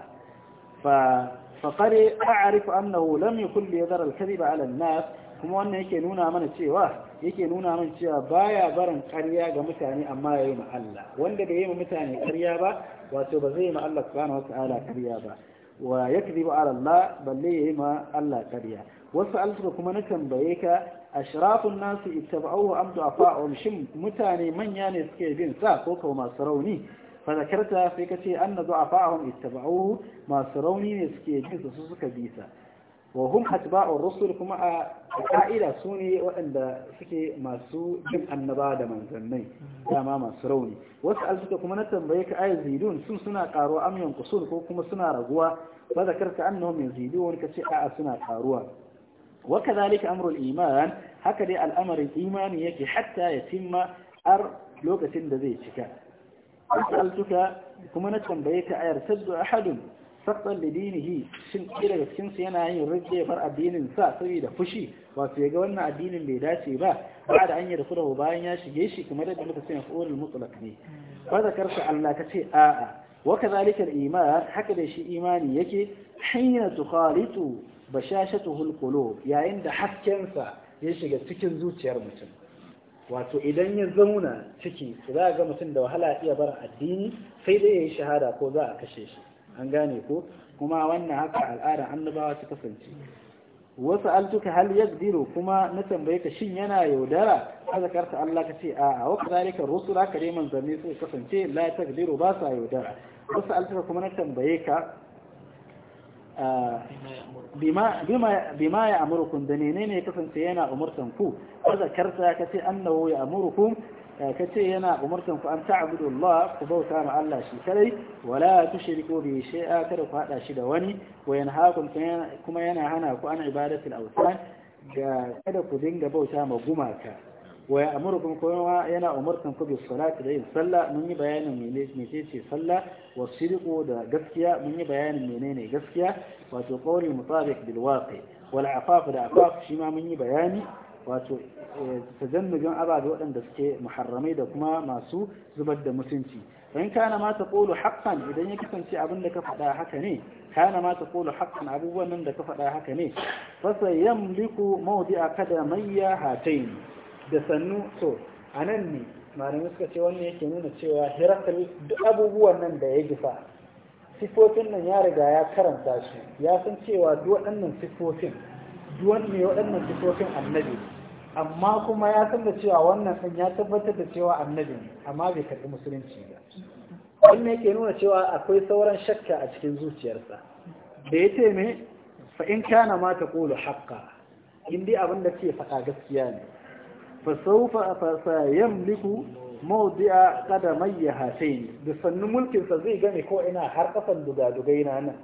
fa fa qari a'rifu annahu lam yakul yadhar al kadhiba ala an-nas kuma wannan yake nuna mana cewa yake nuna min cewa baya barin ƙarya ga mutane amma ya yi ma Allah wanda bai yi ma mutane ƙarya ba wato ba zai yi ma Allah subhanahu wa ta'ala ƙarya ba wa ya kiri ba Allah balle ya yi ma Allah ƙarya wasu alfuka kuma na tambaye ka shirafin nasu ittaba'uhu am du'afa'uhum shin mutane manya ne suke bin sa ko kuma masu rauni fa zakarta sai ka ce anna du'afa'uhum ittaba'uhu masu rauni ne suke bin su suka bisa wa hum atba'ur rusul kuma a ka'ida su ne waɗanda suke masu jin annaba da manzannai dama masu rauni wasu alsuka kuma na tambaye ka ayat zidun sun suna karuwa am kusur ko kuma suna raguwa fa zakarta annahum yazidun kace a'a suna karuwa wa kadhalika amrul iman haka dai al'amarin imani yake hatta yatimma ar lokacin da zai cika wasu alsuka kuma na tambaye ka ayar saddu ahadun saɓɓan da dinihi shin ɗaya daga cikinsu yana yin rage bar addinin sa saboda fushi wato ya ga wannan addinin bai dace ba ba da an yi rufu bayan ya shige shi kamar yadda muka sanya fa'ulul mutlaq ne fa zakarta Allah ka ce a'a wa kadhalika al-iman haka da shi imani yake hanyar tukhalitu ba shashatu qulub yayin da hasken sa ya shiga cikin zuciyar mutum wato idan ya zauna ciki za ga mutum da wahala iya barin addini sai dai ya yi shahada ko za a kashe shi an gane ko kuma wannan haka al'adar annabawa ta kasance wasu altuka hal yaqdiru kuma na tambaye ka shin yana yaudara azakarta Allah ka ce a'a wa kadhalika rusula ka dai manzanni su kasance la taqdiru ba sa yaudara wasu altuka kuma na tambaye ka ah, bima ya amurkun da ne ne kasance yana umurtan ku azakarta ka ce annahu ya amurkun Eh, ka yana umurtan ku an ta'budu Allah ku bauta ma Allah shi kadai wala tushriku bi shay'a kada ku hada shi da wani wa yanhaakum kuma yana hana ku an ibadatul awthan ga kada ku dinga bauta ma gumaka wa ya'murukum kuma yana umurtan ku bi salati da yin sallah mun yi bayanin menene ce sallah wa sidqu da gaskiya mun yi bayanin menene gaskiya wato qawli mutabiq bil waqi wal afaf da afaf shi ma mun yi bayani wato eh, tajannubin ababe waɗanda suke muharramai da kuma masu zubar da mutunci in kana ma ta kolo haƙƙan idan ya kasance abin da ka faɗa haka ne kana ma ta kolo haƙƙan abubuwan nan da ka faɗa haka ne fasa yamliku mawdi a kada mayya hatain da sannu so a nan ne malamai suka ce wannan yake nuna cewa hirakali duk abubuwan nan da ya gifa sifofin nan ya riga ya karanta su ya san cewa duk waɗannan sifofin duk waɗannan sifofin annabi amma kuma ya san da cewa wannan sun ya tabbatar da cewa annabi amma bai karɓi musulunci ba wannan yake nuna cewa akwai sauran shakka a cikin zuciyarsa da ya ce mai fa in kana ma ta qulu haqqa in abin da ke faɗa gaskiya ne fa sawfa fa sayamliku mawdi'a qadamayya hatayn da sannu mulkin sa zai gane ko ina har kafan dugadugai na nan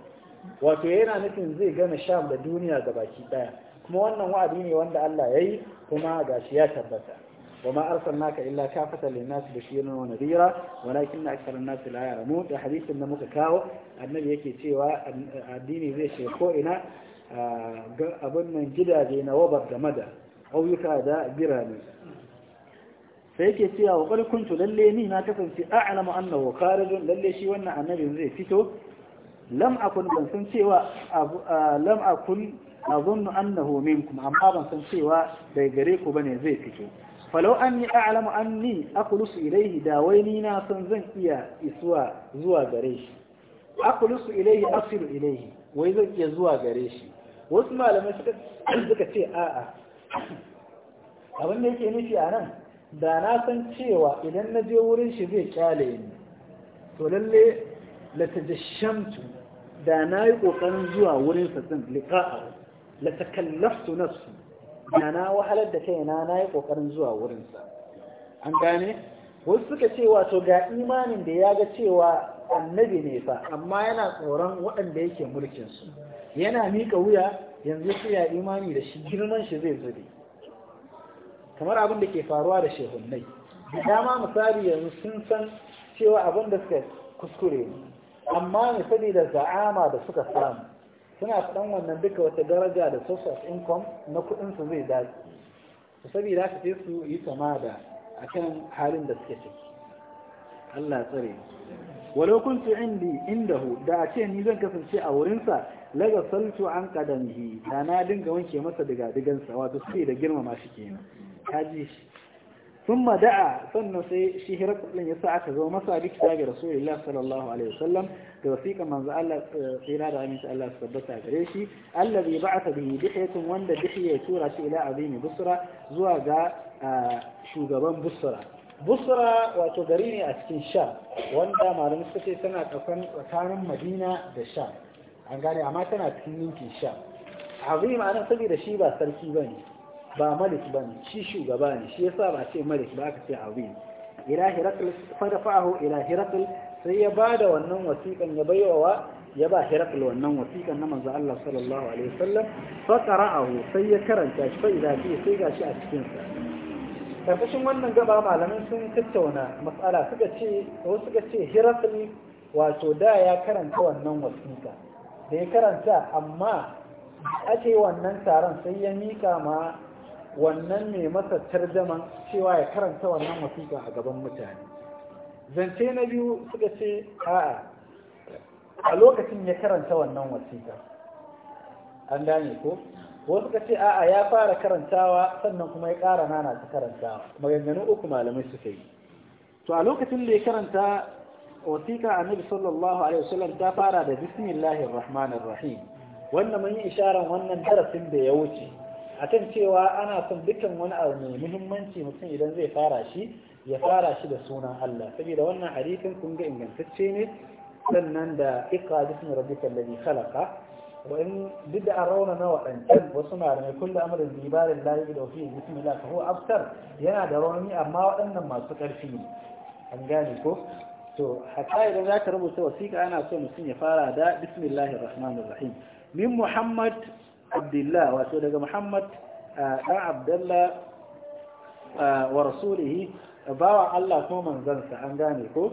wato yana nufin zai gane sham da duniya ga baki ɗaya. kuma wannan wa'adi ne wanda Allah ya yi kuma ga shi ya tabbata wa ma arsalnaka illa kafatan linnas bashiran wa nadhira walakinna aktharan nas la ya'lamun da hadisin da muka kawo annabi yake cewa addini zai shiga ko'ina ina ga abun nan gidaje na wabar da mada ayyuka da birane sai yake cewa wa qad kuntu lalle ni na kasance a'lamu annahu kharijun lalle shi wannan annabi zai fito lam akun ban san cewa lam akun na zunnu annahu amma ban san cewa bai gare ku ne zai fito falau an yi a'lamu anni aqlusu ilayhi da wai ni na san zan iya isuwa zuwa gare shi aqlusu ilayhi asiru ilaihi, wai zan iya zuwa gare shi wasu malamai suka suka ce a'a abin da yake nufi a nan da na san cewa idan na je wurin shi zai kyale ni to lalle da tajashamtu da na yi ƙoƙarin zuwa wurin sa din la takallaftu nafsi na na wahalar da kai na nayi kokarin zuwa wurinsa an gane wasu suka ce wato ga imanin da ya ga cewa annabi ne fa amma yana tsoron waɗanda yake mulkin su yana mika wuya yanzu sai ya imani da shi girman shi zai zube kamar abin da ke faruwa da shehunnai da dama misali yanzu sun san cewa abin da suka kuskure Amma amma misali da za'ama da suka samu suna faɗan wannan duka wata daraja da source of income na kuɗinsu zai dace su saboda sai su yi sama da akan halin da suke ciki Allah tsare walau kuntu indi indahu da a ce ni zan kasance a wurinsa laga saltu an kadamhi da na dinga wanke masa daga digansa wato sai da girmama shi kenan kaji shi ثم دعا سنة شهرة لن يساعة ذو مساء بكتاب رسول الله صلى الله عليه وسلم توفيق من ذا الله قرار أمين الله سبتا قريشي الذي بعث به دحية وند دحية تورة إلى عظيم بصرة زواغا شوغبان بصرة بصرة وتدريني أسكن شام وند ما لمستكي سنة أكون وكان مدينة الشام عن قالي عما سنة أسكن يمكن شام عظيم أنا صدي رشيبة سلكي بني ba malik ba ne shi shugaba ne shi yasa ba ce malik ba aka ce azim ila hirakul fadafahu ila hirakul sai ya ba da wannan wasiƙan ya baiwa ya ba hirakul wannan wasiƙan na manzo Allah sallallahu alaihi wasallam fa qara'ahu sai ya karanta shi fa idza fi sai gashi a cikin sa karkashin wannan gaba malamin sun tattauna mas'ala suka ce ko suka ce hirakul wato da ya karanta wannan wasiƙa da ya karanta amma ake wannan taron sai ya mika ma wannan mai masa tarjama cewa ya karanta wannan wasiƙa a gaban mutane zance na biyu suka ce a'a a lokacin ya karanta wannan wasiƙa an gane ko wasu suka ce a'a ya fara karantawa sannan kuma ya ƙara nana ta karantawa maganganu uku malamai suka yi to a lokacin da ya karanta wasiƙa annabi sallallahu alaihi wasallam ta fara da bismillahir rahmanir rahim wannan mun yi isharar wannan darasin da ya wuce akan cewa ana son dukkan wani abu mai muhimmanci mutum idan zai fara shi ya fara shi da sunan Allah saboda wannan hadisin kun ga ingantacce ne sannan da iqra bismi rabbikal ladhi khalaqa wa in duk da an raunana waɗancan wasu da mai amrin bi ibarin lahi da fi bismillah fa huwa abtar yana da rauni amma waɗannan masu ƙarfi ne an gane ko to haka idan za ka rubuta wasiƙa ana so mutum ya fara da bismillahir rahmanir rahim min muhammad abdullah wato daga muhammad ɗan abdullah wa rasulihi bawa Allah kuma manzansa an gane ko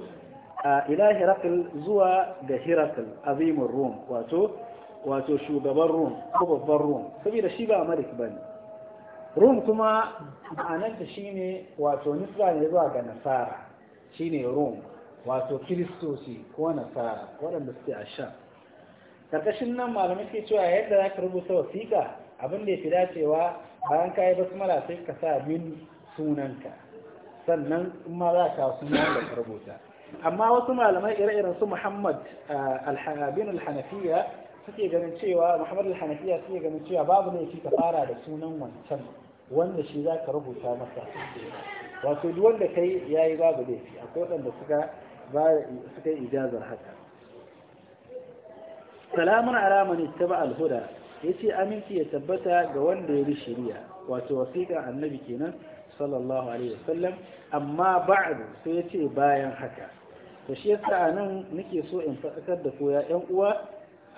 ila hirakil zuwa ga hirakil azimin rum wato wato shugaban rum ko babban rum saboda shi ba malik ba ne rum kuma ma'anarta shi ne wato nisra ne zuwa ga nasara shi ne rum wato kiristoci ko nasara waɗanda suke a sha karkashin nan malamai ke cewa yadda za ka rubuta wasiƙa abin da ya fi dacewa bayan ka yi basmala sai ka sa bin sunanka sannan in ma za ka sunan da ka rubuta amma wasu malamai ire-iren su muhammad eh, bin alhanafiya suke ganin cewa muhammad alhanafiya suke ganin cewa babu laifi ka fara da sunan wancan wanda shi za ka rubuta masa wato duk wanda kai yi babu laifi akwai waɗanda suka suka yi ijazar haka salamun alamani ta ba alhuda ya ce aminci ya tabbata ga wanda ya bi shari'a wato wasiƙan annabi kenan sallallahu alaihi wasallam amma ba'du sai ya ce bayan haka to shi yasa anan nake so in faɗakar da koya ƴan uwa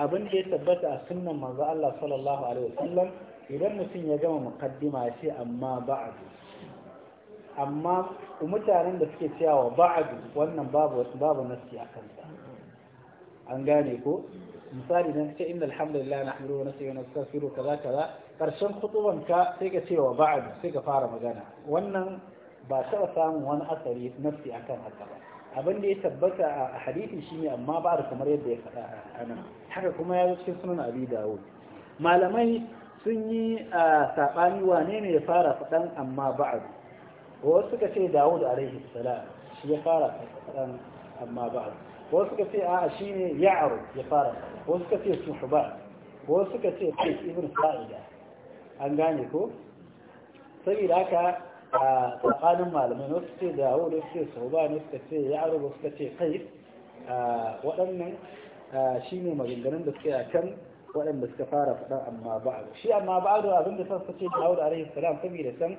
abin da ya tabbata a sunnan manzo Allah sallallahu alaihi wasallam idan mutum ya gama muqaddima ya ce amma ba'du amma mutanen da suke cewa ba'adu wannan babu babu nasi kanta, an gane ko misali dan ce innal hamdalillah na wa nasta'inu wa nastaghfiru kaza kaza karshen khutuban ka sai ka ce wa sai ka fara magana wannan ba taɓa samun wani asari nafsi akan haka ba abin da ya tabbata a hadisi shine amma ba da kamar yadda ya faɗa a nan haka kuma ya zo cikin sunan abi dawud malamai sun yi a saɓani wane ne ya fara faɗan amma ba'ad wasu suka ce dawud alaihi salam shi ya fara faɗan amma ba'ad wasu suka ce a shi ne ya'aru ya fara wasu suka ce suhuba wasu suka ce kai ibn sa'ida an gane ko saboda haka a tsakanin malamai wasu ce da wasu ce suhuba ne suka ce ya'aru wasu suka ce kai waɗannan shi ne maganganun da suke a kan waɗanda suka fara faɗa amma ba shi amma ba da abin da sassa ce Dawud alaihi salam saboda san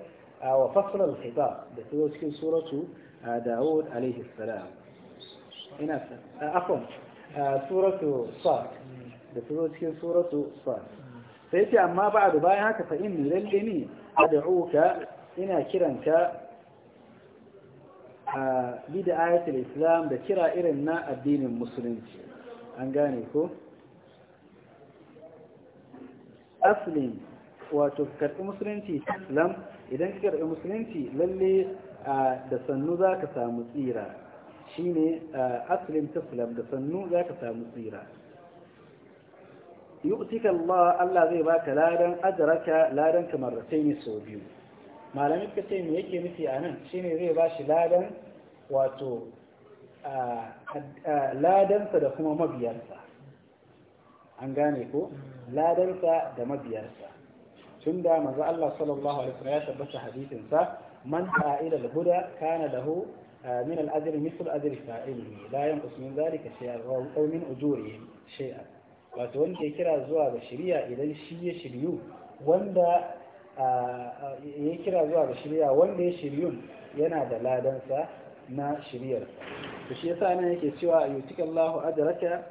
wa fasal al-khitab da ta cikin suratu Dawud alaihi salam ina afon suratu da su cikin suratu sad sai ce amma ba da bayan haka fa inni lalle ni ad'uka ina kiranka a bida ayatul islam da kira irin na addinin musulunci an gane ko Asalin wato karɓi musulunci islam idan ka karɓi musulunci lalle da sannu za ka samu tsira shine eh, aslim taslam da sannu zaka samu tsira yu'tika Allah Allah zai baka ladan adraka ladan kamar ne sau biyu malamin ka ce yake nufi a nan shine zai ba shi ladan wato eh, eh, ladansa da kuma mabiyarsa an gane ko ladansa da mabiyarsa tun da maza Allah sallallahu alaihi wasallam ya tabbata hadisin sa man ta'ila al-huda kana lahu من الأجر مثل أجر فاعله لا ينقص من ذلك شيئا أو من أجورهم wato wanda ya kira zuwa ga shirya wanda ya shirya shiryu yana da ladansa na shiryar to shi yasa nan yake cewa yutika Allahu ajraka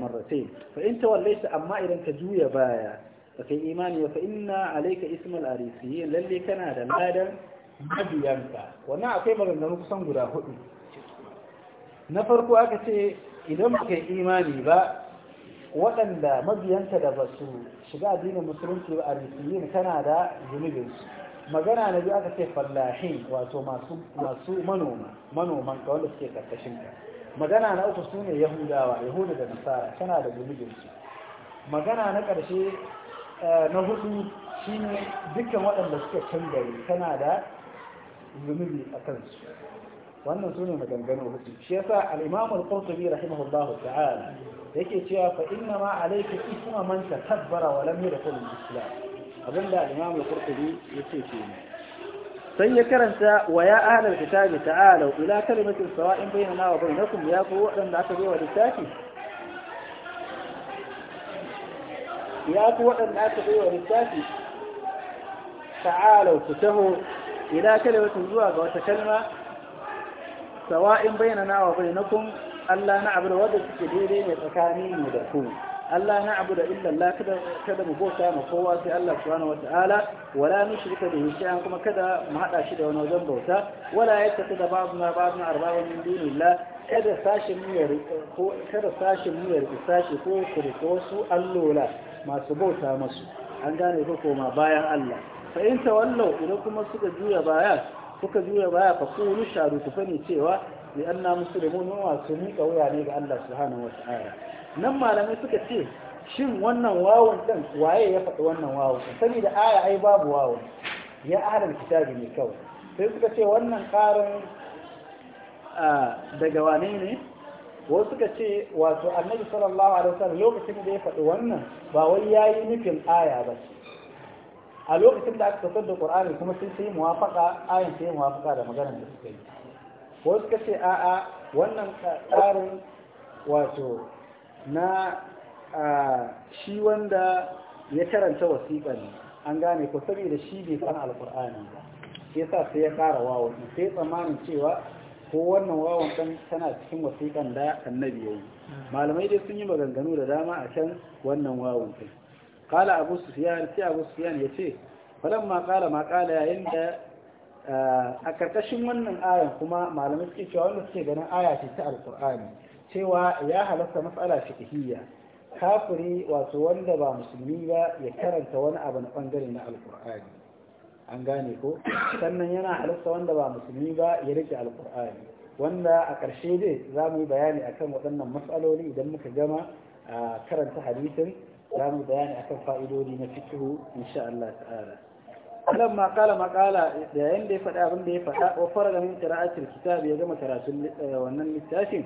marratayn fa in tawallaita amma idan ka juya baya fa kai ba, fa inna alaika ismal arisiyin lallai kana da ladan mabiyanka wannan akwai maganganu kusan guda hudu na farko aka ce idan baka yi imani ba waɗanda mabiyanta da ba su shiga addinin musulunci ba a rikiyin kana da zunubinsu magana na biyu aka ce fallahin wato masu manoma manoman ka wanda suke karkashin ka magana na uku su ne yahudawa yahuda da nasara tana da zunubinsu magana na ƙarshe eh, na hudu shine dukkan waɗanda suka can gari da zunubi a kansu wannan sune maganganu hudu shi yasa al-imam al-qurtubi rahimahullahu ta'ala yake cewa fa inna ma alayka isma man takabbara wa lam yadkhul al-islam abinda al-imam al-qurtubi yake cewa sai ya karanta wa ya ahlal kitabi ta'alu ila kalimatin sawa'in bainana wa bainakum ya ku wadanda aka bai wa littafi ya ku wadanda aka bai wa littafi ta'alu ku taho ila kalimatin zuwa ga wata kalma sawa'in bainana wa kun, Allah na abu da wadda suke daidai ne tsakani ne da ku Allah na abu da illa Allah kada mu bauta ma kowa sai Allah subhanahu wataala wala nushrika bihi shay'an kuma kada mu hada shi da wani wajen bauta wala yattaka da babu ma babu arbaba min dunillah kada sashin mu ya ko kada sashin mu ya sashi ko ku da wasu allola masu bauta masu an gane ko koma bayan Allah fa in tawallau idan kuma suka juya baya suka juya baya fa qulu sharu ku fani cewa li anna muslimun wa su miƙa wuya ne ga Allah subhanahu wa ta'ala nan malamai suka ce shin wannan wawun ɗin waye ya faɗi wannan wawun saboda aya ai babu wawon. ya ahlul kitabi ne kawai sai suka ce wannan ƙarin daga wane ne wasu suka ce wato annabi sallallahu alaihi wasallam lokacin da ya faɗi wannan ba wai yayi nufin aya ba ce a lokacin da aka saukar da qur'ani kuma sun sai muwafaka ayin sai muwafaka da maganar da suka yi ko suka ce a'a wannan tsarin wato na shi wanda ya karanta wasiƙa ne an gane ko saboda shi bai san alqur'ani ba sai sa sai ya ƙara wawan sai tsammanin cewa ko wannan wawon kan tana cikin wasiƙan da annabi yi malamai dai sun yi maganganu da dama a can wannan wawon kai قال أبو سفيان سي ya ce, يتي فلما قال ما قال yayin da a karkashin wannan ayan kuma malamai suke cewa wanda suke ganin aya ce ta alkur'ani cewa ya halatta matsala fiqhiyya kafiri wato wanda ba musulmi ba ya karanta wani abu na bangare na alkur'ani an gane ko sannan yana halatta wanda ba musulmi ba ya rike alkur'ani wanda a ƙarshe dai za mu yi bayani akan waɗannan matsaloli idan muka gama karanta hadisin za mu bayani akan fa'idodi na fikihu insha Allah ta'ala alam ma makala da yayin ya faɗa abin da ya faɗa wa fara da min qira'atil kitab ya gama karatun eh, wannan littafin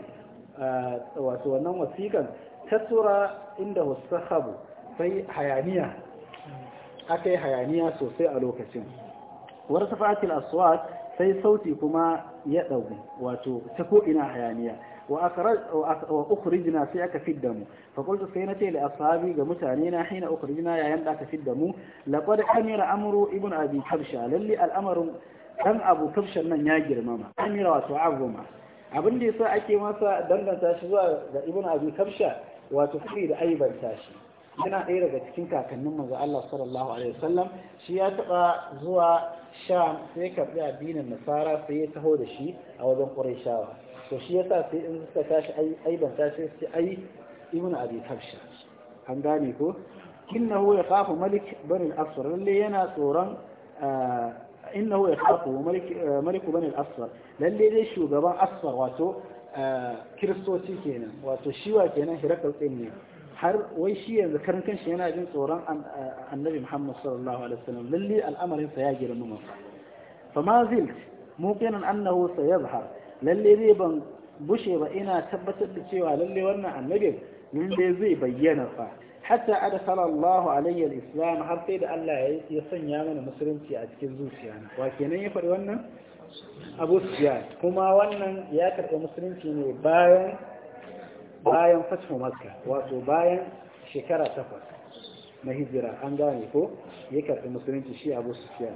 eh, wato wannan wasikan tasura inda wasahabu sai hayaniya yi hayaniya sosai a lokacin warsafatil aswat sai sauti kuma ya ɗauki wato ta ko ina hayaniya wa ukhrijna sai aka fidda mu fa qultu sai nace li ashabi ga mutane na hina ukhrijna yayin da aka fidda mu laqad amira amru ibn abi habsha al'amarin dan abu kabshan nan ya girmama amira wato azuma abin da yasa ake masa danganta shi zuwa ga ibn abi kabsha wato kuri da aibanta shi yana ɗaya daga cikin kakannin manzo Allah sallallahu shi ya taɓa zuwa sha sai karɓi addinin Nasara sai ya taho da shi a wajen Qurayshawa to shi yasa sai in suka tashi ai ban shi sai ai ibn abi kabsha an gane ko innahu yakhafu malik bani al-asfar lalle yana tsoron eh, innahu yakhafu malik eh, malik bani al-asfar lalle dai shugaban asfar wato eh, kiristoci kenan wato shiwa kenan hirakal din ne har wai shi yanzu karin kanshi yana jin tsoron annabi Muhammad sallallahu alaihi wasallam lalle al'amarin sa ya girmama fa ma zilt muqinan annahu sayazhar lalle zai ban bushe ba ina tabbatar da cewa lalle wannan annabin lalle zai bayyana fa hatta adkhala Allahu alayya al-islam har sai da Allah ya sanya mana musulunci a cikin zuciya na. wa kenan ya faɗi wannan Abu Sufyan kuma wannan ya karɓi musulunci ne bayan bayan fatihu Makka wato bayan shekara takwas na hijira an gane ko ya karɓi musulunci shi Abu Sufyan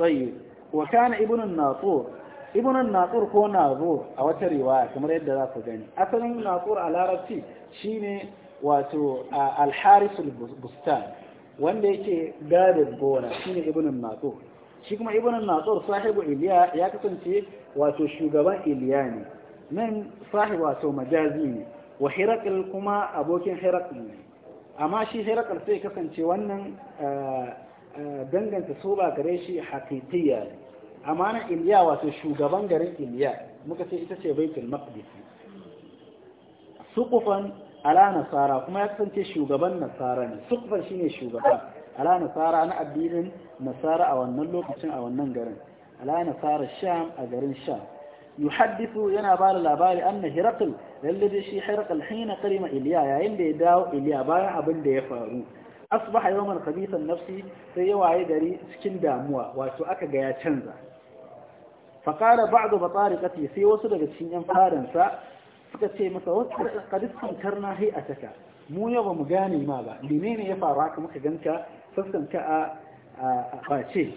طيب وكان ابن الناطور Ibunan natsur ko nazo a wata riwaya kamar yadda za ku gani asalin natsur a larabci shine wato alharisul bustan wanda yake gadin gona shine ibunan natsur shi kuma ibunan natsur sahibu iliya ya kasance wato shugaban iliya ne nan sahibu wato majazi ne wa hirakil kuma abokin hirakil ne amma shi hirakil sai kasance wannan danganta so ba gare shi haƙiƙiya ne amanar iliya wato shugaban garin iliya muka ce ita ce baitul maqdis suqufan ala nasara kuma ya kasance shugaban nasara ne suqufan shine shugaba ala nasara na addinin nasara a wannan lokacin a wannan garin ala nasara sham a garin sham yuhaddithu yana ba da labari anna hiraqil lalle shi hiraqil hina karima iliya yayin da ya dawo iliya bayan abin da ya faru asbaha yawman khabisan nafsi sai ya waye gari cikin damuwa wato aka ga ya canza faƙara ba da batsari ƙafi sai wasu daga cikin ‘yan faransa suka ce masa wasu ƙadiskan karna hai a taka mu yau ba mu gane ma ba lime ne ya faru haka muka ganka fuskanka a ɓace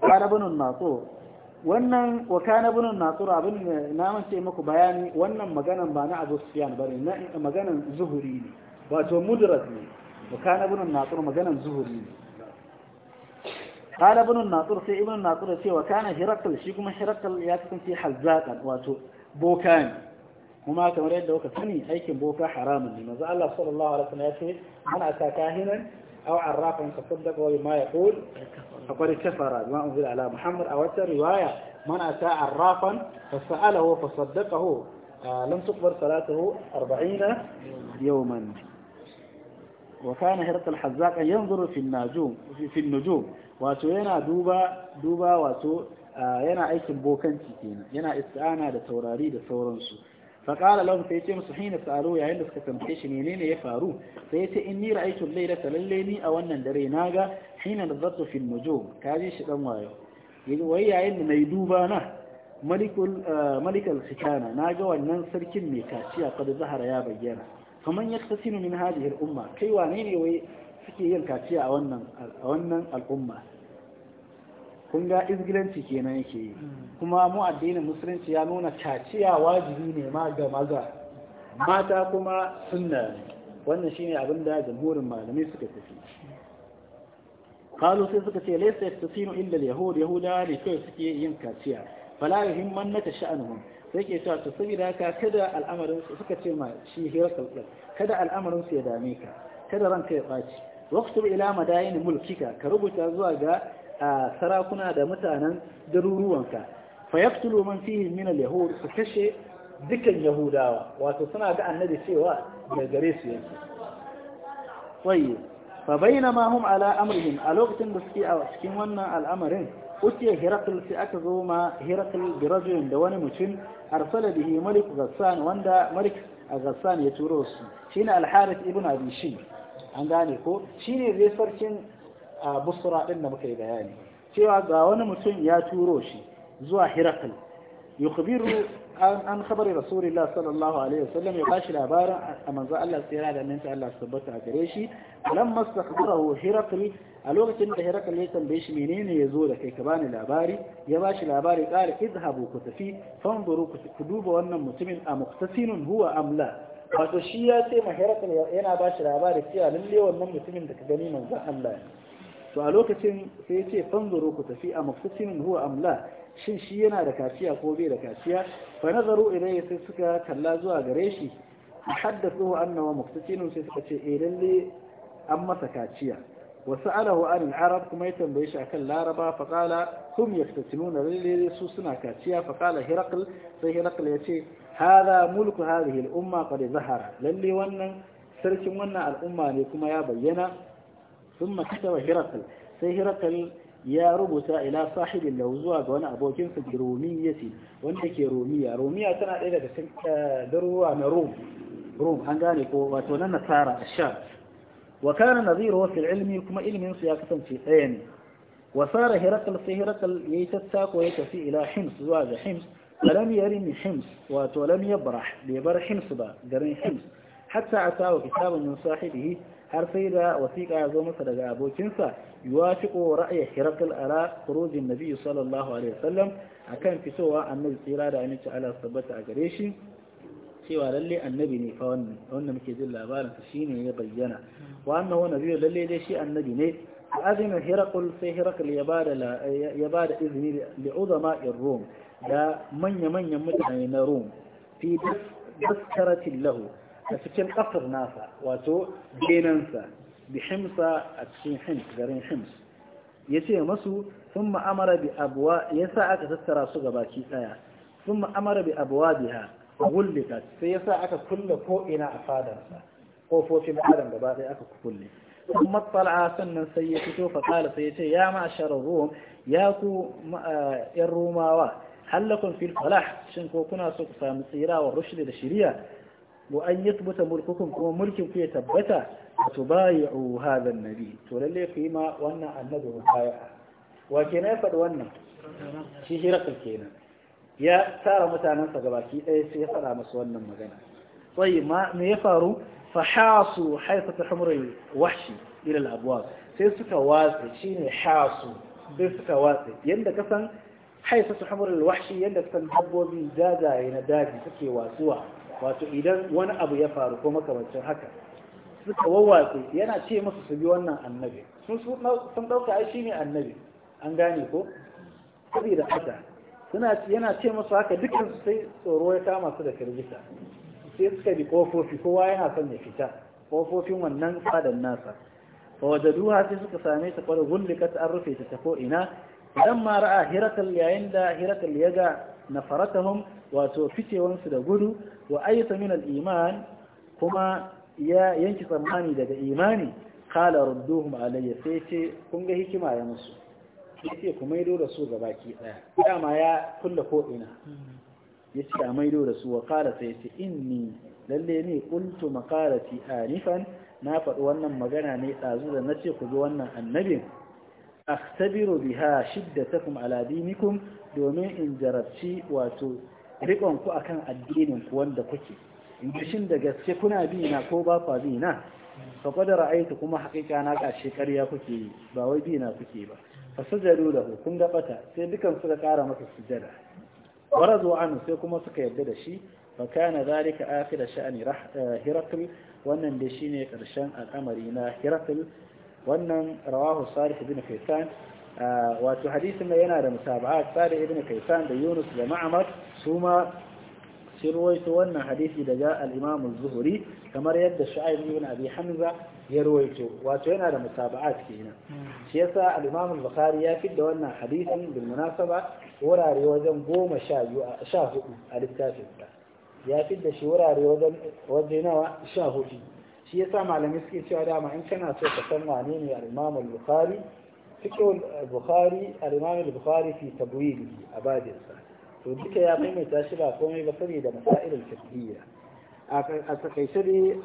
ƙara binin natso wannan wa kana binin natso abin na mace maku bayani wannan maganan ba na abu sufiyan ba ne maganan zuhuri ne wato mudras ne wa kana binin natso maganan zuhuri ne قال ابن الناصر في ابن الناصر في وكان هرقل شيكم هرقل ياتكم في حزاتا واتو بوكان وما تمر يدوك ثني أي كم بوكا حرام لما زال الله صلى الله عليه وسلم يأتي من أتى كاهنا أو عرافا فصدق وما يقول فقد كفر ما أنزل على محمد أو رواية من أتى عرافا فسأله فصدقه آه، لم تقبل صلاته أربعين يوما وكان هرقل الحزاق ينظر في النجوم في النجوم wato yana duba duba wato yana aikin bokanci kenan yana isti'ana da taurari da sauransu فقال لهم سيتي مسحين سألوه يا هند سكتم كيش منين يفارو سيتي إني رأيت الليلة لليني أو أن دري ناقة حين نظرت في النجوم كاجي شدن وايو وهي عين ميدوبانا ملك ملك الختانة ناقة وأنن سركن ميكاتيا قد ظهر يا بيانا فمن يقتسم من هذه الأمة كي وانين suke yin kaciya a wannan a wannan al'umma kun ga izgilanci kenan yake yi kuma mu addinin musulunci ya nuna kaciya wajibi ne ma ga maza mata kuma sunna ne wannan shine abin da jamhurin malamai suka tafi Kalu sai suka ce laysa yastasinu illa al yahuda ne kai suke yin kaciya fala yuhimman naka sha'anuhum sai ke cewa to saboda haka kada al'amarin su suka ce ma shi hirakal kada al'amarin su ya dame ka kada ranka ya ɓaci waqtu ila madayin mulkika ka rubuta zuwa ga sarakuna da mutanen garuruwanka fa yaqtulu man fihi min al-yahud fa kashe dukan yahudawa wato suna ga annabi cewa da gare su yake tayyib fa bainama hum ala amrihim a lokacin da suke a cikin wannan al'amarin أتي هرقل في أكذوما هرقل برجل دوان متن أرسل به ملك غسان واندا ملك ya يتوروس شين shine ابن أبي شيخ an gane ko shine zai sarkin busra ɗin da muka yi bayani cewa ga wani mutum ya turo shi zuwa hirakal yukhbiru an khabari rasulullah sallallahu alaihi wasallam ya bashi labarin a manzo Allah tsira da minta Allah tabbata a gare shi lam mastakhbarahu hirakal a lokacin da hirakal ya tambaye shi menene ya zo da kai ka bani labari ya bashi labari qala izhabu ku tafi fanzuru ku duba wannan mutumin a muktasinun huwa amla wato shi ya ce ma mahaifin yana ba shi labari cewa lalle wannan mutumin da ka gani manzan Allah ne to a lokacin sai ya ce fanzuru ku tafi a mafusimin huwa amla shin shi yana da kaciya ko bai da kaciya fa nazaru ilayhi sai suka kalla zuwa gare shi haddathu annahu muftasinun sai suka ce eh lalle an masa kaciya akan laraba fa كما hum yaftatinuna lalle su suna يفتتنون fa سوسنا كاتيا sai هرقل ya ce. هذا ملك هذه الأمة قد ظهر للي ونن سرك ونن الأمة لكما يا بينا ثم كتب هرقل سي هرقل يا ربط إلى صاحب اللوزوة وانا أبو جنس الرومية وانا كي رومية رومية تنا إلى دروا أنا روم روم هنغاني واتونا نصارى الشام وكان نظيره في العلم كما علم سياسة في ثاني وصار هرقل سي هرقل يتساق ويتسي إلى حمص زواج حمص lam yarin hims wato lam yabrah bai bar hims ba garin hims hatta a wa kitabun min sahibihi har sai da wasiƙa ya zo masa daga abokinsa yuwafiqu ra'yi hirakal ala khurujin nabiy sallallahu alaihi wasallam akan fitowa annabi tsira da aminci ala tabbata a gare shi cewa lalle annabi ne fa wannan wannan muke jin labarin sa shine ya bayyana wa annahu nabiyyu lalle dai shi annabi ne azina hirakul sai hirakul ya ya bada izini li uzama ar da manya-manyan mutane na rom fi daskaratin lahu a cikin ƙasar nasa wato genansa bi himsa a cikin hims garin hims ya ce masu sun ma'amara bi abuwa ya sa aka tattara su ga gabaki ɗaya sun ma'amara bi abuwa biya gullita sai ya sa aka kulle ko'ina a fadarsa ƙofofin adam gaba ɗaya aka kulle Sun sannan sai ya fito fasala sai ya ce ya يا معشر ya ku eh, yan Rumawa. hallakun fil falah shin ko kuna so ku samu tsira wa rushdi da shiriya wa an yathbuta mulkukum kuma mulkin ku ya tabbata tubayi'u hadha an-nabi to lalle ku yi ma wannan annabi mubaya wa kenan ya faɗi wannan shi hirakul kenan ya tara sa gabaki ɗaya sai ya faɗa musu wannan magana sai ma me ya faru fahasu haifa ta hamurai washi ilal abuwa sai suka watsa shine hasu sai suka watsa yadda ka san haisa su hamurin wahshi yadda sun dabbobi jajaye na daji suke wasuwa wato idan wani abu ya faru ko makamancin haka suka wawwatsu yana ce musu su bi wannan annabi sun ɗauka ai shi ne annabi an gane ko saboda haka suna yana ce musu haka dukkan su sai tsoro ya kama su da firgita sai suka bi kofofi kowa yana son ya fita kofofin wannan fadan nasa fa wajaduha sai suka same ta kwada gullikat an rufe ta ko ina Idan ma ra'a hiratal yayin da hiratal ya ga nafaratahum wato ficewansu da gudu wa ayyata min al-iman kuma ya yanki tsammani daga imani qala rudduhum alayya sai ce kun ga hikima ya musu sai ce ku maido da su gabaki daya dama ya kulla ko ina yace a maido da su wa qala sai ce inni lalle ne qultu maqalati anifan na faɗi wannan magana ne ɗazu da na ce ku ji wannan annabin biro biha shiddatakum ala dinikum domin in jarabci wato rikon ku akan addinin ku wanda kuke in shin da gaske kuna bi na ko ba fa bi na fa ra'aytu kuma haqiqa na kashe ƙarya kuke yi ba wai bi na kuke ba fa sajadu lahu kun ga sai dukan suka kara masa sujada warazu anhu sai kuma suka yarda da shi fa kana zalika akhir a hirakl wannan da shine karshen al'amari na hirakl wannan rawahu salih ibn kaisan wato hadisin nan yana da musaba'a salih ibn kaisan da yunus da ma'amar su ma sun ruwaito wannan hadisi daga al-imam az-zuhri kamar yadda shu'aib ibn abi hamza ya ruwaito wato yana da musaba'at kenan hmm. shi yasa al-imam al-bukhari ya fidda wannan hadisin bil munasaba wurare wajen goma sha hudu a littafinsa ya fidda shi wurare wajen wajen nawa sha hudu shi yasa malamai suke cewa dama in kana so ka san wane ne al-Imam al-Bukhari al Bukhari al-Imam al-Bukhari fi to duka ya maimaita shi ba komai ba masail da fiqhiyya a takaice dai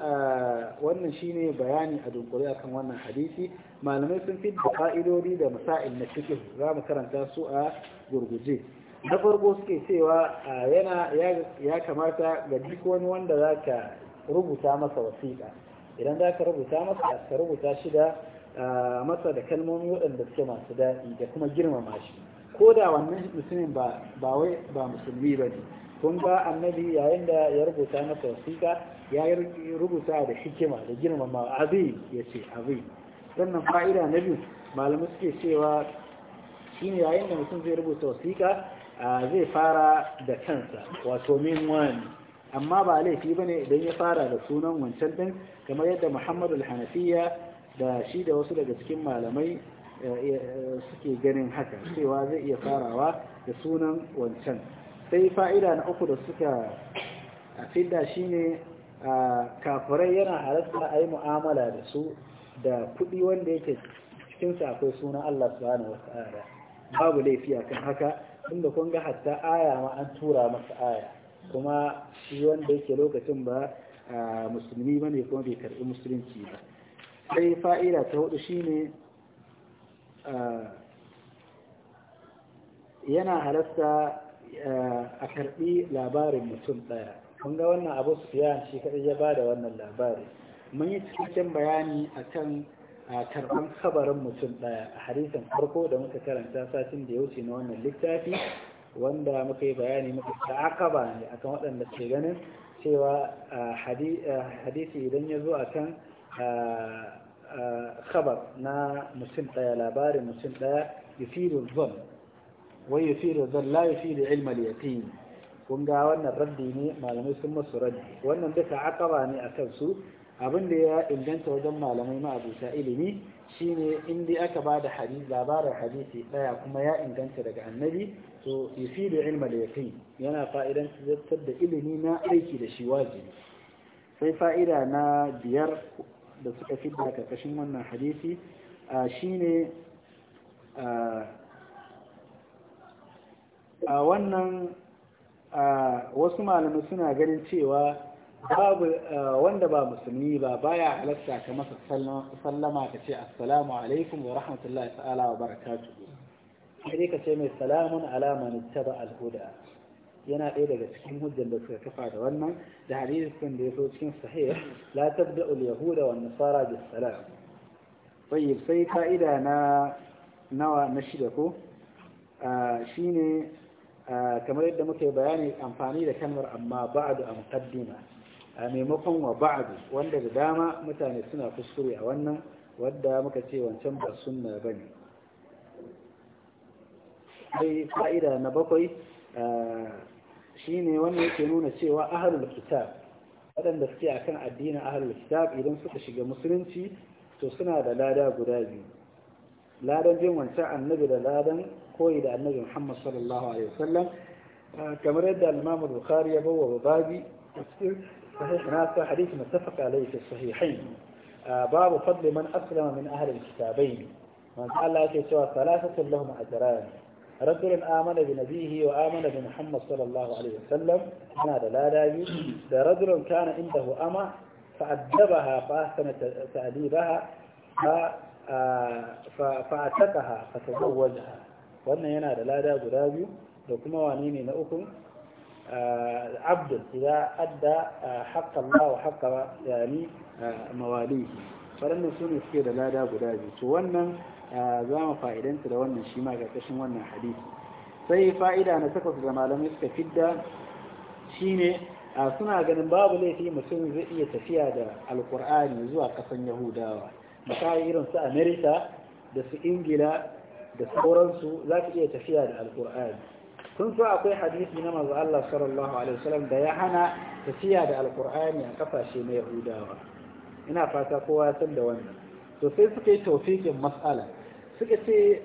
wannan shine bayani a dunkuri akan wannan hadisi malamai sun fi da fa'idodi da masail na fiqh za mu karanta su a gurguje na farko suke cewa yana ya kamata ga duk wani wanda zaka rubuta masa wasiƙa idan za ka rubuta masa ka rubuta shi da masa da kalmomi waɗanda suke masu daɗi da kuma girmama shi ko da wannan musulmin ba wai ba musulmi ba ne kun ba annabi yayin da ya rubuta masa wasiƙa ya rubuta da hikima da girmama abi ya ce abi sannan fa'ida na biyu malamai suke cewa shine yayin da mutum zai rubuta wasiƙa zai fara da kansa wato min wani amma ba laifi ba ne idan ya fara da sunan wancan din kamar yadda muhammadu hanafiya da shi da wasu daga cikin malamai eh, eh, suke ganin haka cewa zai iya farawa da sunan wancan sai fa'ida na uku da suka fidda shi ne kafirai yana halatta a yi mu'amala da su da kuɗi wanda yake cikinsa akwai sunan Allah subhanahu wa ta'ala babu laifi akan haka inda kun ga hatta aya ma an tura masa aya kuma shi wanda yake lokacin ba musulmi bane kuma bai karɓi musulunci ba sai Fa'ila ta hudu shine yana halasta a karɓi labarin mutum ɗaya kun ga wannan abu su shi kaɗai ya ba da wannan labari mun yi cikakken bayani a kan karɓan kabarin mutum ɗaya a harisan farko da muka karanta satin da ya wuce na wannan littafi wanda muka yi bayani muka ta ba ne akan waɗanda ke ganin cewa hadisi idan ya zo a kan khabar na musim ɗaya labarin musim ɗaya ya da zon wai da zon la ya fi yufiru ilmal yaqin kun ga wannan raddi ne malamai sun masu raddi wannan duka ba ne a kansu abinda da ya inganta wajen malamai ma abuta ilimi shine in dai aka ba da hadisi labarin hadisi daya kuma ya inganta daga annabi to yufidu ilma da yaqin yana fa'idan zartar da ilimi na aiki da shi wajibi sai fa'ida na biyar da suka fi da karkashin wannan hadisi shine a wannan wasu malamai suna ganin cewa babu eh, wanda ba musulmi ba baya halatta ka masa sallama ka ce assalamu alaikum wa rahmatullahi ta'ala wa barakatu. sai ka ce mai salamun alama man ittaba al yana ɗaya daga cikin hujjar da suka kafa da wannan da hadisin da ya zo cikin sahih la tabda'u al-yahuda wan nasara bis salam tayyib sai fa'ida na nawa na shida ko eh, shine eh, kamar yadda muke bayani amfani da kalmar amma ba'du a muqaddima a maimakon wa ba'adu wanda da dama mutane suna kuskure a wannan wadda muka ce wancan ba sunna ba ne sai fa'ida na bakwai shi ne yake nuna cewa ahalul kitab waɗanda suke a kan addinin ahalul kitab idan suka shiga musulunci to suna da lada guda biyu ladan bin wancan annabi da ladan koyi da annabi muhammad sallallahu alaihi wasallam kamar yadda al-imam bukhari ya bawa babi صحيح هذا حديث متفق عليه في الصحيحين باب فضل من أسلم من أهل الكتابين من قال الله سوى ثلاثة لهم أجران رجل آمن بنبيه وآمن بمحمد صلى الله عليه وسلم هذا لا داعي ده رجل كان عنده أمة فأدبها فأحسن تأديبها فأعتقها فتزوجها wannan yana da lada guda biyu da kuma wane ne na uku عبد إذا أدى حق الله وحق يعني مواليه فلن نسوني في لا دا قدازي تولنا زام فائدين تلولنا شيما كتشن wannan hadisi? sai fa'ida na takwas da malamai suka fidda shine a suna ganin babu laifi mutum zai iya tafiya da alkur'ani zuwa kasan yahudawa misali irin da su ingila da sauransu za ka iya tafiya da alkur'ani tun so akwai hadisi na manzo Allah sallallahu alaihi wasallam da ya hana tafiya da alkur'ani a kafashe na yahudawa ina fata kowa san da wannan to sai suka yi tawfiqin mas'ala suka ce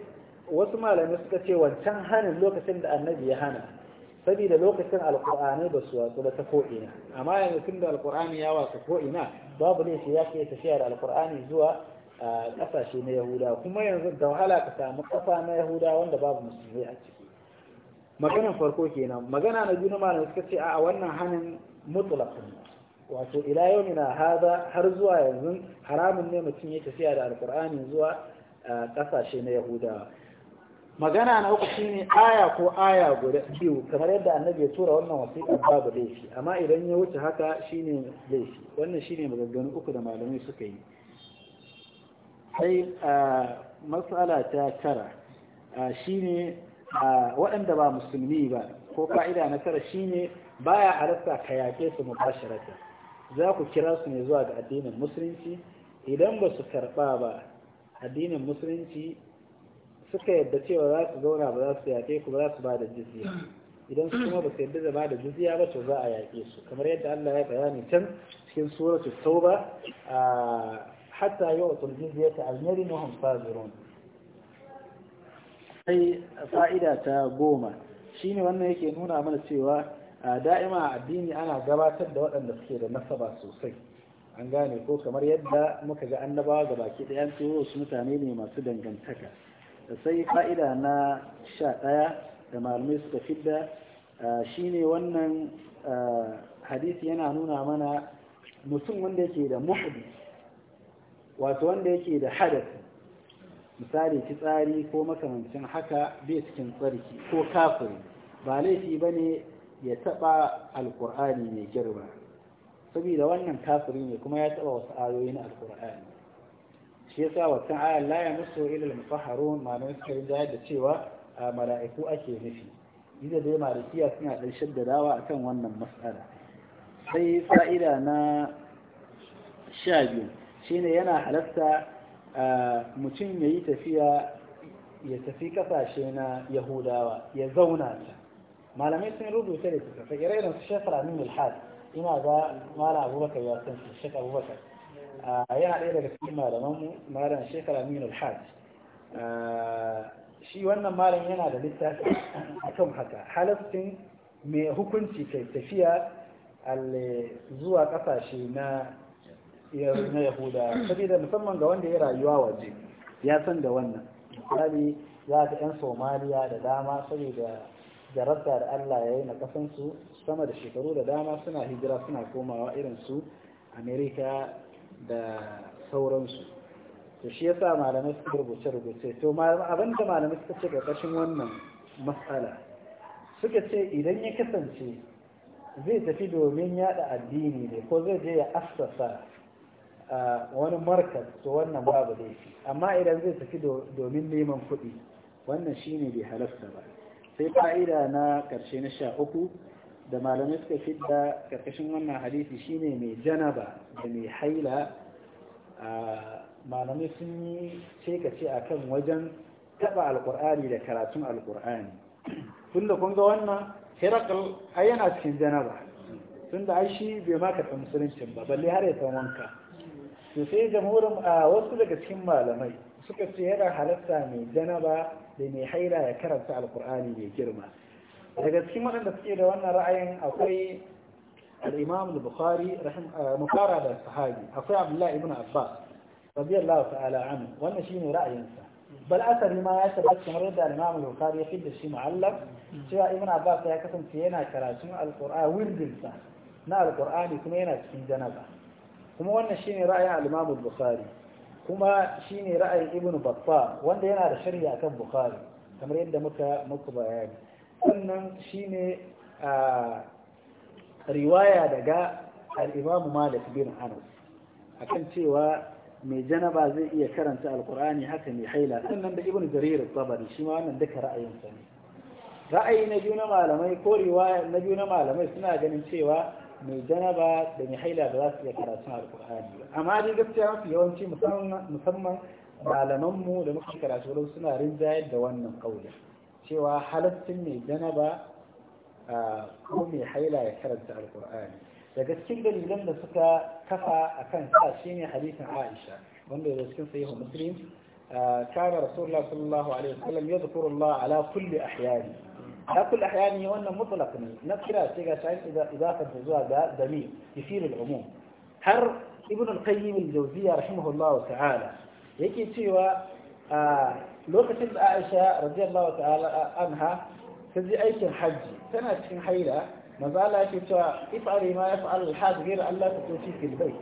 wasu malamai suka ce wancan hanin lokacin da annabi ya hana saboda lokacin alkur'ani ba su ba ta ko'ina amma yanzu tunda da alkur'ani ya ko ko'ina babu ne shi ya ke tafiya da alkur'ani zuwa a kasashe na yahudawa kuma yanzu da wahala ka samu ƙafa na yahudawa wanda babu musulmi a ciki maganan farko kenan magana na juna na malam suka ce a wannan hanin mutlaq wato ila na hada har zuwa yanzu haramun ne mutum ya tafiya da alqur'ani zuwa kasashe na yahudawa magana na uku shine aya ko aya guda biyu kamar yadda annabi ya tura wannan wasiƙa babu laifi amma idan ya wuce haka shine laifi wannan shine maganganu uku da malamai suka yi sai matsala ta tara shine waɗanda ba musulmi ba ko fa'ida na tara ba ya halatta ka yaƙe su mu mubasharata za ku kira su ne zuwa ga addinin musulunci idan ba su karɓa ba addinin musulunci suka yadda cewa za su zauna ba za su yaƙe ku ba za su ba da jizya idan su kuma ba su yadda da ba da jizya ba to za a yaƙe su kamar yadda Allah ya bayani can cikin suratul tauba hatta yau tul jizyata al-yadin wa sai fa'ida ta goma Shi ne wannan yake nuna mana cewa da'ima addini ana gabatar da waɗanda suke da nasaba sosai an gane ko kamar yadda muka ga annabawa ga baki ɗaya an wasu su mutane ne masu dangantaka sai fa'ida na sha ɗaya da malamai suka fidda Shi ne wannan hadisi yana nuna mana mutum wanda yake da muhdi wato wanda yake da hadas misali fitsari ko makamancin haka bai cikin tsarki ko kafiri ba laifi ba ne ya taɓa alkur'ani mai girma saboda wannan kafiri ne kuma ya taɓa wasu ayoyi na alkur'ani shi yasa wata ayar la ya musu al mutahharun malamai suka yi da cewa a mala'iku ake nufi da dai malikiya suna ɗan shaddadawa akan wannan mas'ala sai fa'ida na sha biyu shine yana halatta mutum ya yi tafiya ya tafi kasashe na yahudawa ya zauna ta malamai sun rubuta da tafi ire-iren su shekar amin ilhad ina ga mala abubakar ya san su shekar abubakar yana ɗaya daga cikin malaman mu malam shekar amin ilhad shi wannan malam yana da littafi a kan haka halastin mai hukunci kai tafiya zuwa kasashe na na yahuda saboda musamman ga wanda ya rayuwa waje ya san da wannan misali za ka 'yan somaliya da dama saboda jarabta da allah ya yi na kasansu sama da shekaru da dama suna hijira suna komawa irin su amerika da sauransu to shi ya sa malamai su rubuce rubuce to abin da malamai suka ce ƙarƙashin wannan matsala suka ce idan ya kasance zai tafi domin yada addini ne ko zai je ya asasa. wani markas to wannan babu laifi amma idan zai tafi domin neman kuɗi wannan shine bai halasta ba sai fa'ida na ƙarshe na sha uku da malamai suka fidda ƙarƙashin wannan hadisi shine mai janaba da mai haila malamai sun yi ce a kan wajen taɓa alƙur'ani da karatun alƙur'ani tun da kun ga wannan hirakal ai yana cikin janaba tun da ai shi bai ma karɓi musuluncin ba balle har ya san wanka to sai jamhurin a wasu daga cikin malamai suka ce yana halatta mai janaba da mai haira ya karanta alkur'ani mai girma daga cikin waɗanda suke da wannan ra'ayin akwai al bukhari mukara da sahabi akwai abdullahi ibn abbas radiyallahu ta'ala anhu wannan shine ra'ayinsa bal asali ma ya tabbata kamar yadda al-imam al-bukhari ya fidda shi mu'allaf cewa ibn abbas ya kasance yana karatun alkur'ani wirdinsa na alkur'ani kuma yana cikin janaba kuma wannan shine ra'ayin al-Imam bukhari kuma shine ra'ayin Ibn Battal wanda yana da sharhi akan Bukhari kamar yadda muka muku bayani wannan shine a riwaya daga al-Imam Malik bin Anas akan cewa mai janaba zai iya karanta alkur'ani haka mai haila sannan da ibn jarir tabari shi ma wannan duka ra'ayinsa ne ra'ayi na biyu na malamai ko riwaya na biyu na malamai suna ganin cewa mai janaba da mai haila da za su iya karatun alkur'ani ba amma dai gaskiya mafi yawanci musamman malamanmu da muke karatu wurin suna rinjayar da wannan ƙauye cewa halattun mai janaba ko mai haila ya karanta alkur'ani daga cikin dalilan da suka kafa a kan sa shi ne hadisin aisha wanda da cikin sahihu muslim kana rasulullah sallallahu alaihi wasallam yadhkuru allah ala kulli ahyani ala kulli ahyani wannan mutlaq ne na kira ce ga shayin idafa ta zuwa ga dami yufir umu umum har ibn al-qayyim al-jawziyya rahimahullah ta'ala yake cewa lokacin da Aisha radiyallahu ta'ala anha ta je aikin hajji tana cikin haila maza Allah yake cewa if'ali ma yaf'al al-hajj ghayr an la tuti fil bayt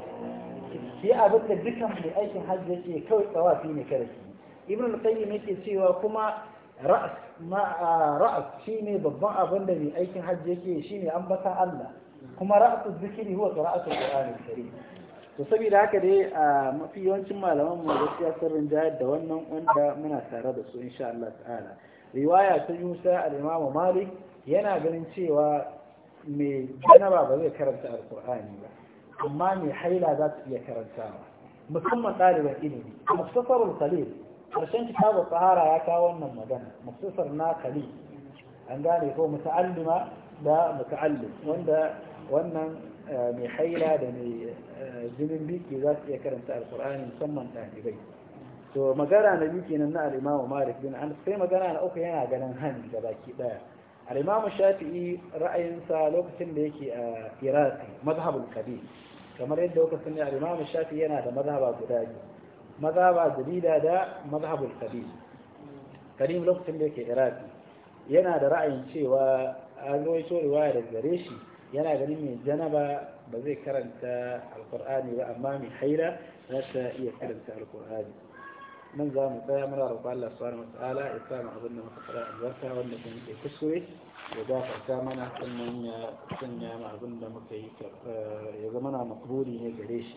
shi abin da dukan mai aikin hajji yake kawai tsawafi ne kare ibn al-qayyim yake cewa kuma ra'as ra'as shine babban abin da mai aikin hajji yake shine ambata Allah kuma ra'atu zikiri huwa qurani al karim to saboda haka dai a mafi yawancin malaman mu gaskiya sun rinjayar da wannan wanda muna tare da su insha Allah ta'ala riwaya ta Musa al-Imam Malik yana ganin cewa mai janaba ba zai karanta Al-Qur'ani ba amma mai haila za ta iya karantawa musamman ɗaliban ilimi muktasarul qalil karshen kitabu sahara ya kawo wannan magana mususar na kali an gane ko muta'allima da muta'allim wanda wannan eh, mai haila da mai eh, jinin biki za su iya karanta alkur'ani musamman ɗalibai to magana na biki nan na al'imamu malik bin an sai magana na uku yana ganin hannu da baki ɗaya al'imamu shafi'i ra'ayinsa lokacin da yake a iraki mazhabul kabi kamar yadda lokacin da al'imamu shafi'i yana da mazhaba guda biyu maza ba jadida da mazhabul kadim karim lokacin da yake iraki yana da ra'ayin cewa an so riwaya da gare shi yana ganin mai janaba ba zai karanta alkur'ani ba amma mai haira za ta iya karanta alkur'ani nan za mu tsaya muna roƙon Allah subhanahu wataala ya sa mu abin da muka fara albarka wanda kuma ke kuskure ya gafarta mana sannan ya sanya mu abin da muka yi eh, ya zama na makburi ne gare shi